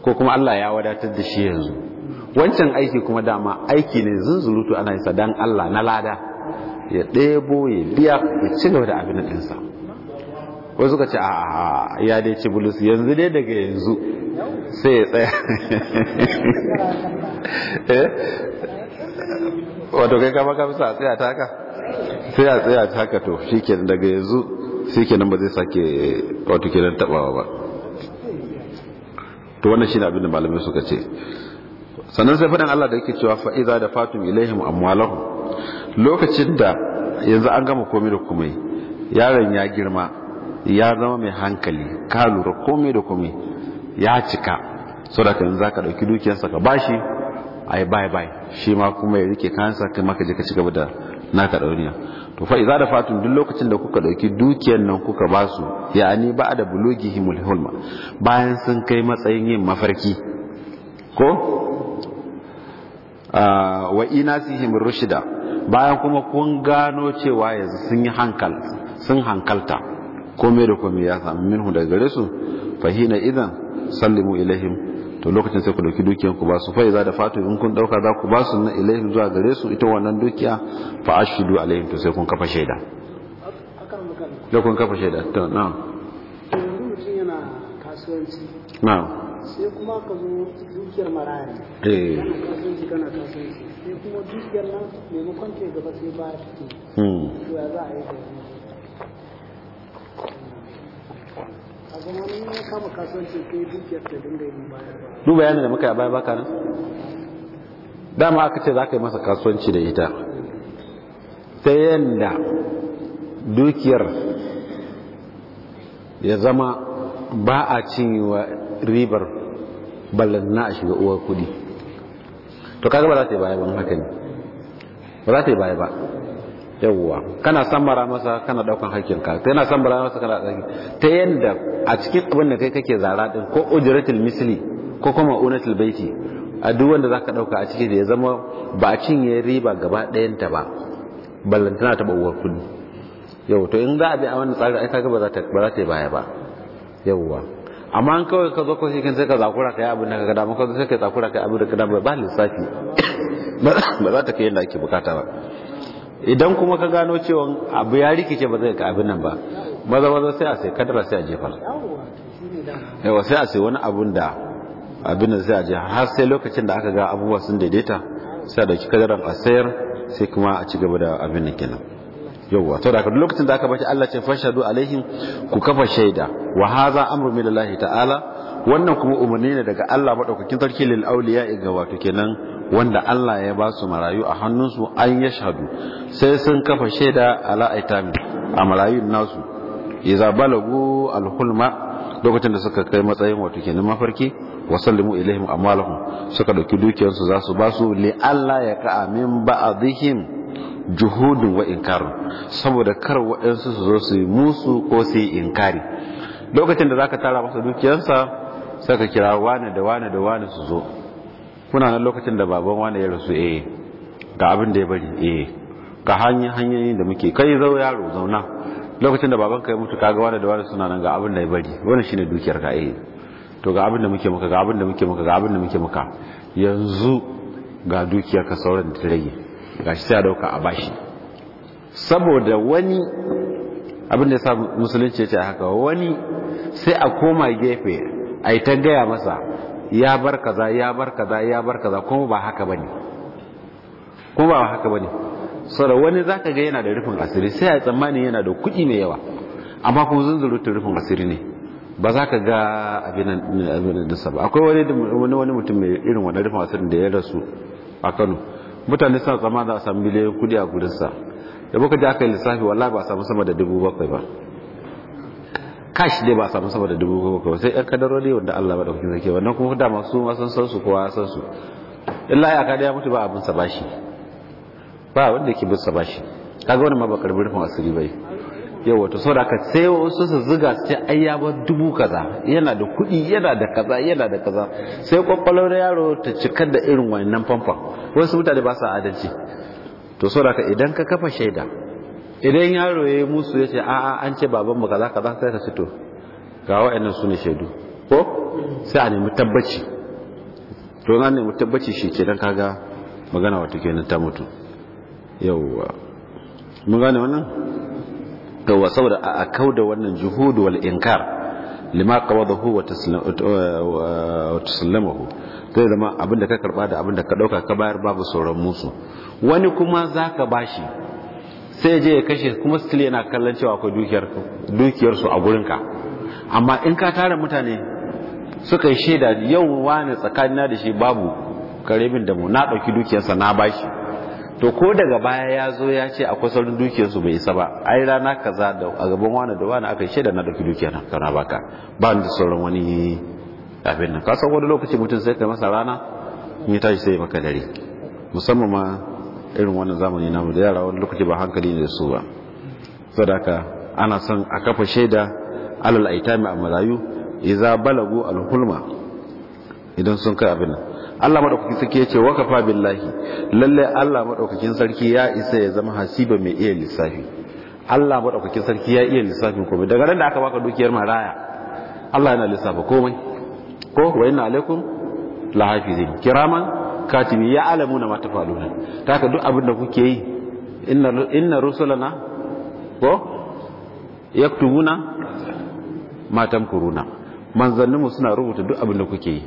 ko kuma allah ya wadatar da shi yanzu wancan aiki kuma dama aiki ne zunzurutu ana yinsa don allah na lada ya ɗebo ya biya ya ci gaba da abin ɗinsa wai suka ce a ya dai ci bulus yanzu dai daga yanzu sai ya tsaya eh? wato kai kama kama sa a tsaya ta haka sai a tsaya ta haka to shi ke daga yanzu shi ke nan ba zai sake wato nan tabawa ba to wannan shi ne abin da malamai suka ce sannan sai faɗin Allah da yake cewa fa'iza da fatun ilaihim amwalahum lokacin da yanzu an gama komai da kuma yaron ya girma ya zama mai hankali ka lura komai da komai ya cika so da kan ka dauki dukiyarsa ka bashi ai bye bye shi ma kuma ya rike kansa kai maka je ka ci gaba da naka dauniya to fa iza da fatun duk lokacin da kuka ɗauki dukiyar nan kuka ba su ani ba da himul hulma bayan sun kai matsayin yin mafarki ko ah, wa Ina himul rushida bayan kuma kun gano cewa yanzu sun yi hankal sun hankalta komai da komai ya samu minhu daga gare su fahina idan sallimu ilaihim to lokacin sai ku dauki dukiyan ku ba su fa da fatu in kun dauka za ku ba su na ilaihim zuwa gare su ita wannan dukiya fa ashidu alaihim to sai kun kafa shaida da kun kafa shaida to na'am yana kasuwanci na'am sai kuma ka zo dukiyar marari eh kana kasuwanci kana kasuwanci sai kuma dukiyar nan maimakon ke gaba sai ba ta hmm. to ya za a yi duba yana da muka yi baya baka nan dama aka ce za ka yi masa kasuwanci da ita ta yadda dukiyar ya zama ba a cinyewa ribar na a shiga uwar kudi to kaga ba za ta yi baya ba haka ne ba za ta yi baya ba yawwa kana sambara masa kana daukan hakkin ka yana sambara masa kana daukan ta yanda a cikin abin da kai kake zara din ko ujratul misli ko kuma unatul baiti a duk wanda zaka dauka a cikin da ya zama ba a cinye riba gaba ɗayan ta ba tana ta bawar kudi yau to in za a bi a wannan tsari ai kaga ba za ta ba za ta baya ba yawwa amma an kawai ka zo ko shi sai ka zakura kai abin da ka gada maka sai ka zakura kai abin da kaga dama ba lissafi ba za ta kai yadda ake bukata ba idan kuma ka gano cewa abu ya rikice ba zai ka abin nan ba maza maza sai a sai kadara sai a jefar yawa sai a sai wani abun da abin da sai a je har sai lokacin da aka ga abubuwa sun daidaita sai a dauki kadaran a sayar sai kuma a ci gaba da abin nan kenan yawa to da lokacin da aka bace Allah ce fashadu alaihim ku kafa shaida wa hadha amru min Allah ta'ala wannan kuma umarni ne daga Allah madaukakin sarki lil awliya ga wato kenan wanda Allah ya ba su marayu a hannunsu an ya shahadu sai sun kafa shaida a aitami a marayun nasu iza balagu alhulma lokacin da suka kai matsayin wato kenan mafarki wa sallimu ilaihim amwalahum suka dauki dukiyarsu za su ba su li Allah ya ka'a min ba'dihim juhudun wa inkar saboda kar waɗansu su zo su yi musu ko su yi inkari lokacin da zaka tara masa dukiyarsa saka kira wane da wane da wane su zo kuna nan lokacin da baban wani ya rasu eh ga abin da ya bari eh ga hanyoyin da muke kai zau yaro zauna lokacin da baban ka ya mutu kaga wani da wani suna nan ga abin da ya bari wannan shine dukiyar ka eh to ga abin da muke muka ga abin da muke muka ga abin da muke muka yanzu ga dukiyar ka sauran da ta rage gashi sai a dauka a bashi saboda wani abin da ya sa musulunci ya ce haka wani sai a koma gefe a yi ta gaya masa ya bar kaza ya bar kaza ya bar kaza kuma ba haka bane kuma ba haka bane saboda wani zaka ga yana da rufin asiri sai ya tsammani yana da kuɗi mai yawa amma kuma zunzurutun rufin asiri ne ba za ka ga abin da ba akwai wani wani mutum mai irin wani rufin asirin da ya rasu a Kano mutane suna tsammanin za a samu miliyoyin kuɗi a gurinsa da baka ji aka yi lissafi wallahi ba a samu sama da dubu bakwai ba Kashi dai ba samu sama da dubu goma kawai sai yan kadarori wanda Allah ba da hukin zake wannan kuma da masu masan san su kowa san su illa ya kada ya mutu ba abin sa bashi ba wanda yake bin sa bashi kaga wannan ma ba karbi rufin asiri bai Yau wato saboda ka sai wasu su ziga su ce ai ya bar dubu kaza yana da kuɗi yana da kaza yana da kaza sai kwakwalwar yaro ta cikar da irin wannan famfan wasu mutane ba sa adalci to saboda ka idan ka kafa shaida idan yaro ya yi musu ya ce a'a an ce babanmu ka kaza kaza sai ka ce ga wa'annan su ne shaidu ko sai a nemi tabbaci to na nemi tabbaci shi ce don kaga magana wata kenan ta mutu yawwa mun gane wannan yawwa saboda a da wannan juhudu wal inkar lima qawadahu wa tasallamahu zai zama abinda ka karba da abinda ka dauka ka bayar babu sauran musu wani kuma zaka bashi sai je ya kashe kuma still yana kallon cewa akwai dukiyarsu a gurinka amma in ka tara mutane suka yi shaida yau wani tsakanina da shi babu karebin da mu na ɗauki dukiyarsa na bashi to ko daga baya ya zo ya ce akwai saurin dukiyarsu bai isa ba ai rana kaza da a gaban wani da wani aka shaida na ɗauki dukiyar ka na baka ba da sauran wani abin nan ka san wani lokaci mutum sai ka masa rana in tashi sai maka dare musamman ma irin wannan zamani namu da yara wani lokaci ba hankali ne da su ba sadaka ana son a kafa shaida alal aitami a marayu idza balagu al hulma idan sun kai abin Allah madaukakin sarki yace wa kafa billahi lalle Allah madaukakin sarki ya isa ya zama hasiba mai iya lissafi Allah madaukakin sarki ya iya lissafin komai daga ran da aka baka dukiyar maraya Allah yana lissafa komai ko wa inna alaikum lahafizin kiraman katibi ya alamu na mata faluna ta ka duk abin da kuke yi inna rusulana ko ya yaktubuna matan kuruna manzanninmu suna rubuta duk abin da kuke yi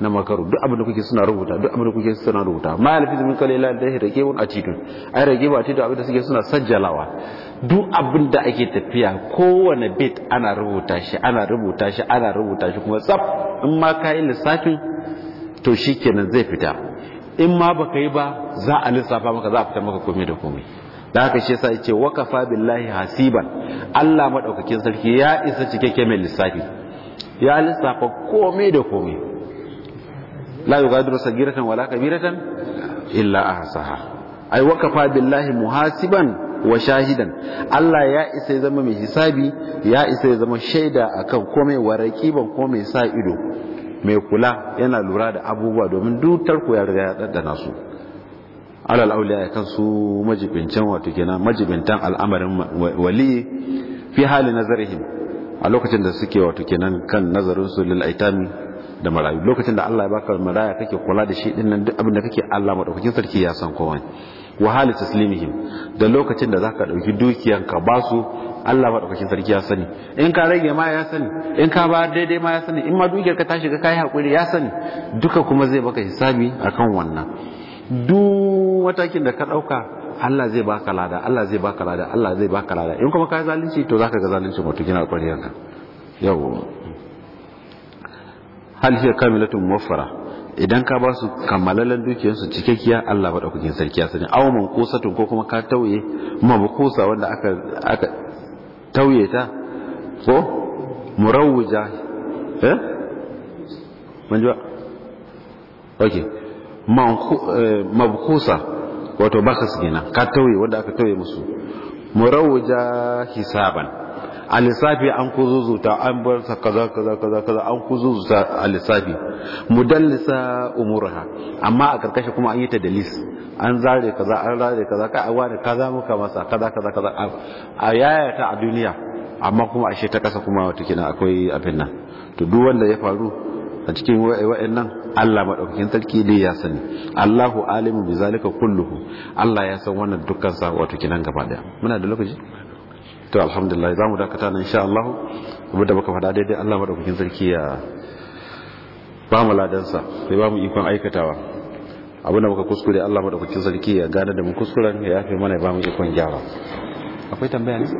na makaru duk abin da kuke suna rubuta duk abin da kuke suna rubuta ma yalfi zumin kalila da ya rage mun a titun ai rage ba titun abin da suke suna sajjalawa duk abin da ake tafiya kowane bit ana rubuta shi ana rubuta shi ana rubuta shi kuma tsaf in ma ka yi lissafin to shikenan zai fita in ma baka yi ba za a lissafa maka za a fitar maka komai da komai da haka shi yasa yace wakafa billahi hasiban Allah madaukakin sarki ya isa cikakke mai lissafi ya lissafa komai da komai la yughadiru sagiratan wala kabiratan illa ahsaha ai wakafa billahi muhasiban wa shahidan Allah ya isa ya zama mai hisabi ya isa ya zama shaida akan komai wa raqiban komai sa ido mai kula yana lura da abubuwa domin duk tarko ya riga ya daddana su alal auliya ya kan su majibincan wato kenan majibintan al'amarin wali fi hali nazarihim a lokacin da suke wato kenan kan nazarin su lil aitami da marayu lokacin da Allah ya baka maraya kake kula da shi din nan duk abin da kake Allah madaukakin sarki ya san kowa wa hali taslimihim da lokacin da zaka dauki dukiyan ka basu Allah maɗaukakin sarki ya sani in ka rage ma ya sani in ka ba daidai ma ya sani in ma dukiyar ka ta shiga kayi hakuri ya sani duka kuma zai baka hisabi akan wannan duk matakin da ka ɗauka Allah zai baka lada Allah zai baka lada Allah zai baka lada in kuma ka zalunci to zaka ga zalunci wato kina ƙwariyar yanka yau hal hiya kamilatun muwaffara idan ka ba su kammalalan dukiyar su cikakkiya Allah ɗaukakin sarki ya sani aw man kusatun ko kuma ka tauye kuma ba kusa wanda aka aka tauyeta ko murawuja eh manjuwa ok eh, mabkusa wato bakas gina ka tauye wanda aka tauye musu murawuja hisaban a lissafi an ku zuzuta an bar sa kaza kaza kaza kaza an ku zuzuta a lissafi mudallisa umurha amma a karkashi kuma an yi ta dalis an zare kaza an zare kaza ka awa ne kaza muka masa kaza kaza kaza a yaya ta a duniya amma kuma ashe ta kasa kuma wata kina akwai abin nan to duk wanda ya faru a cikin wa'annan Allah madaukakin sarki ne ya sani Allahu alimu bi zalika kulluhu Allah ya san wannan dukkan sa wata kina gaba daya muna da lokaci to alhamdulillah zamu dakata nan insha Allah kuma da muka faɗa daidai Allah madaukakin sarki ya ba mu ladansa sai ba mu ikon aikatawa abinda muka kuskure Allah madaukakin sarki ya gane da mu kuskuren ya yafe mana ba mu ikon gyara akwai tambaya ne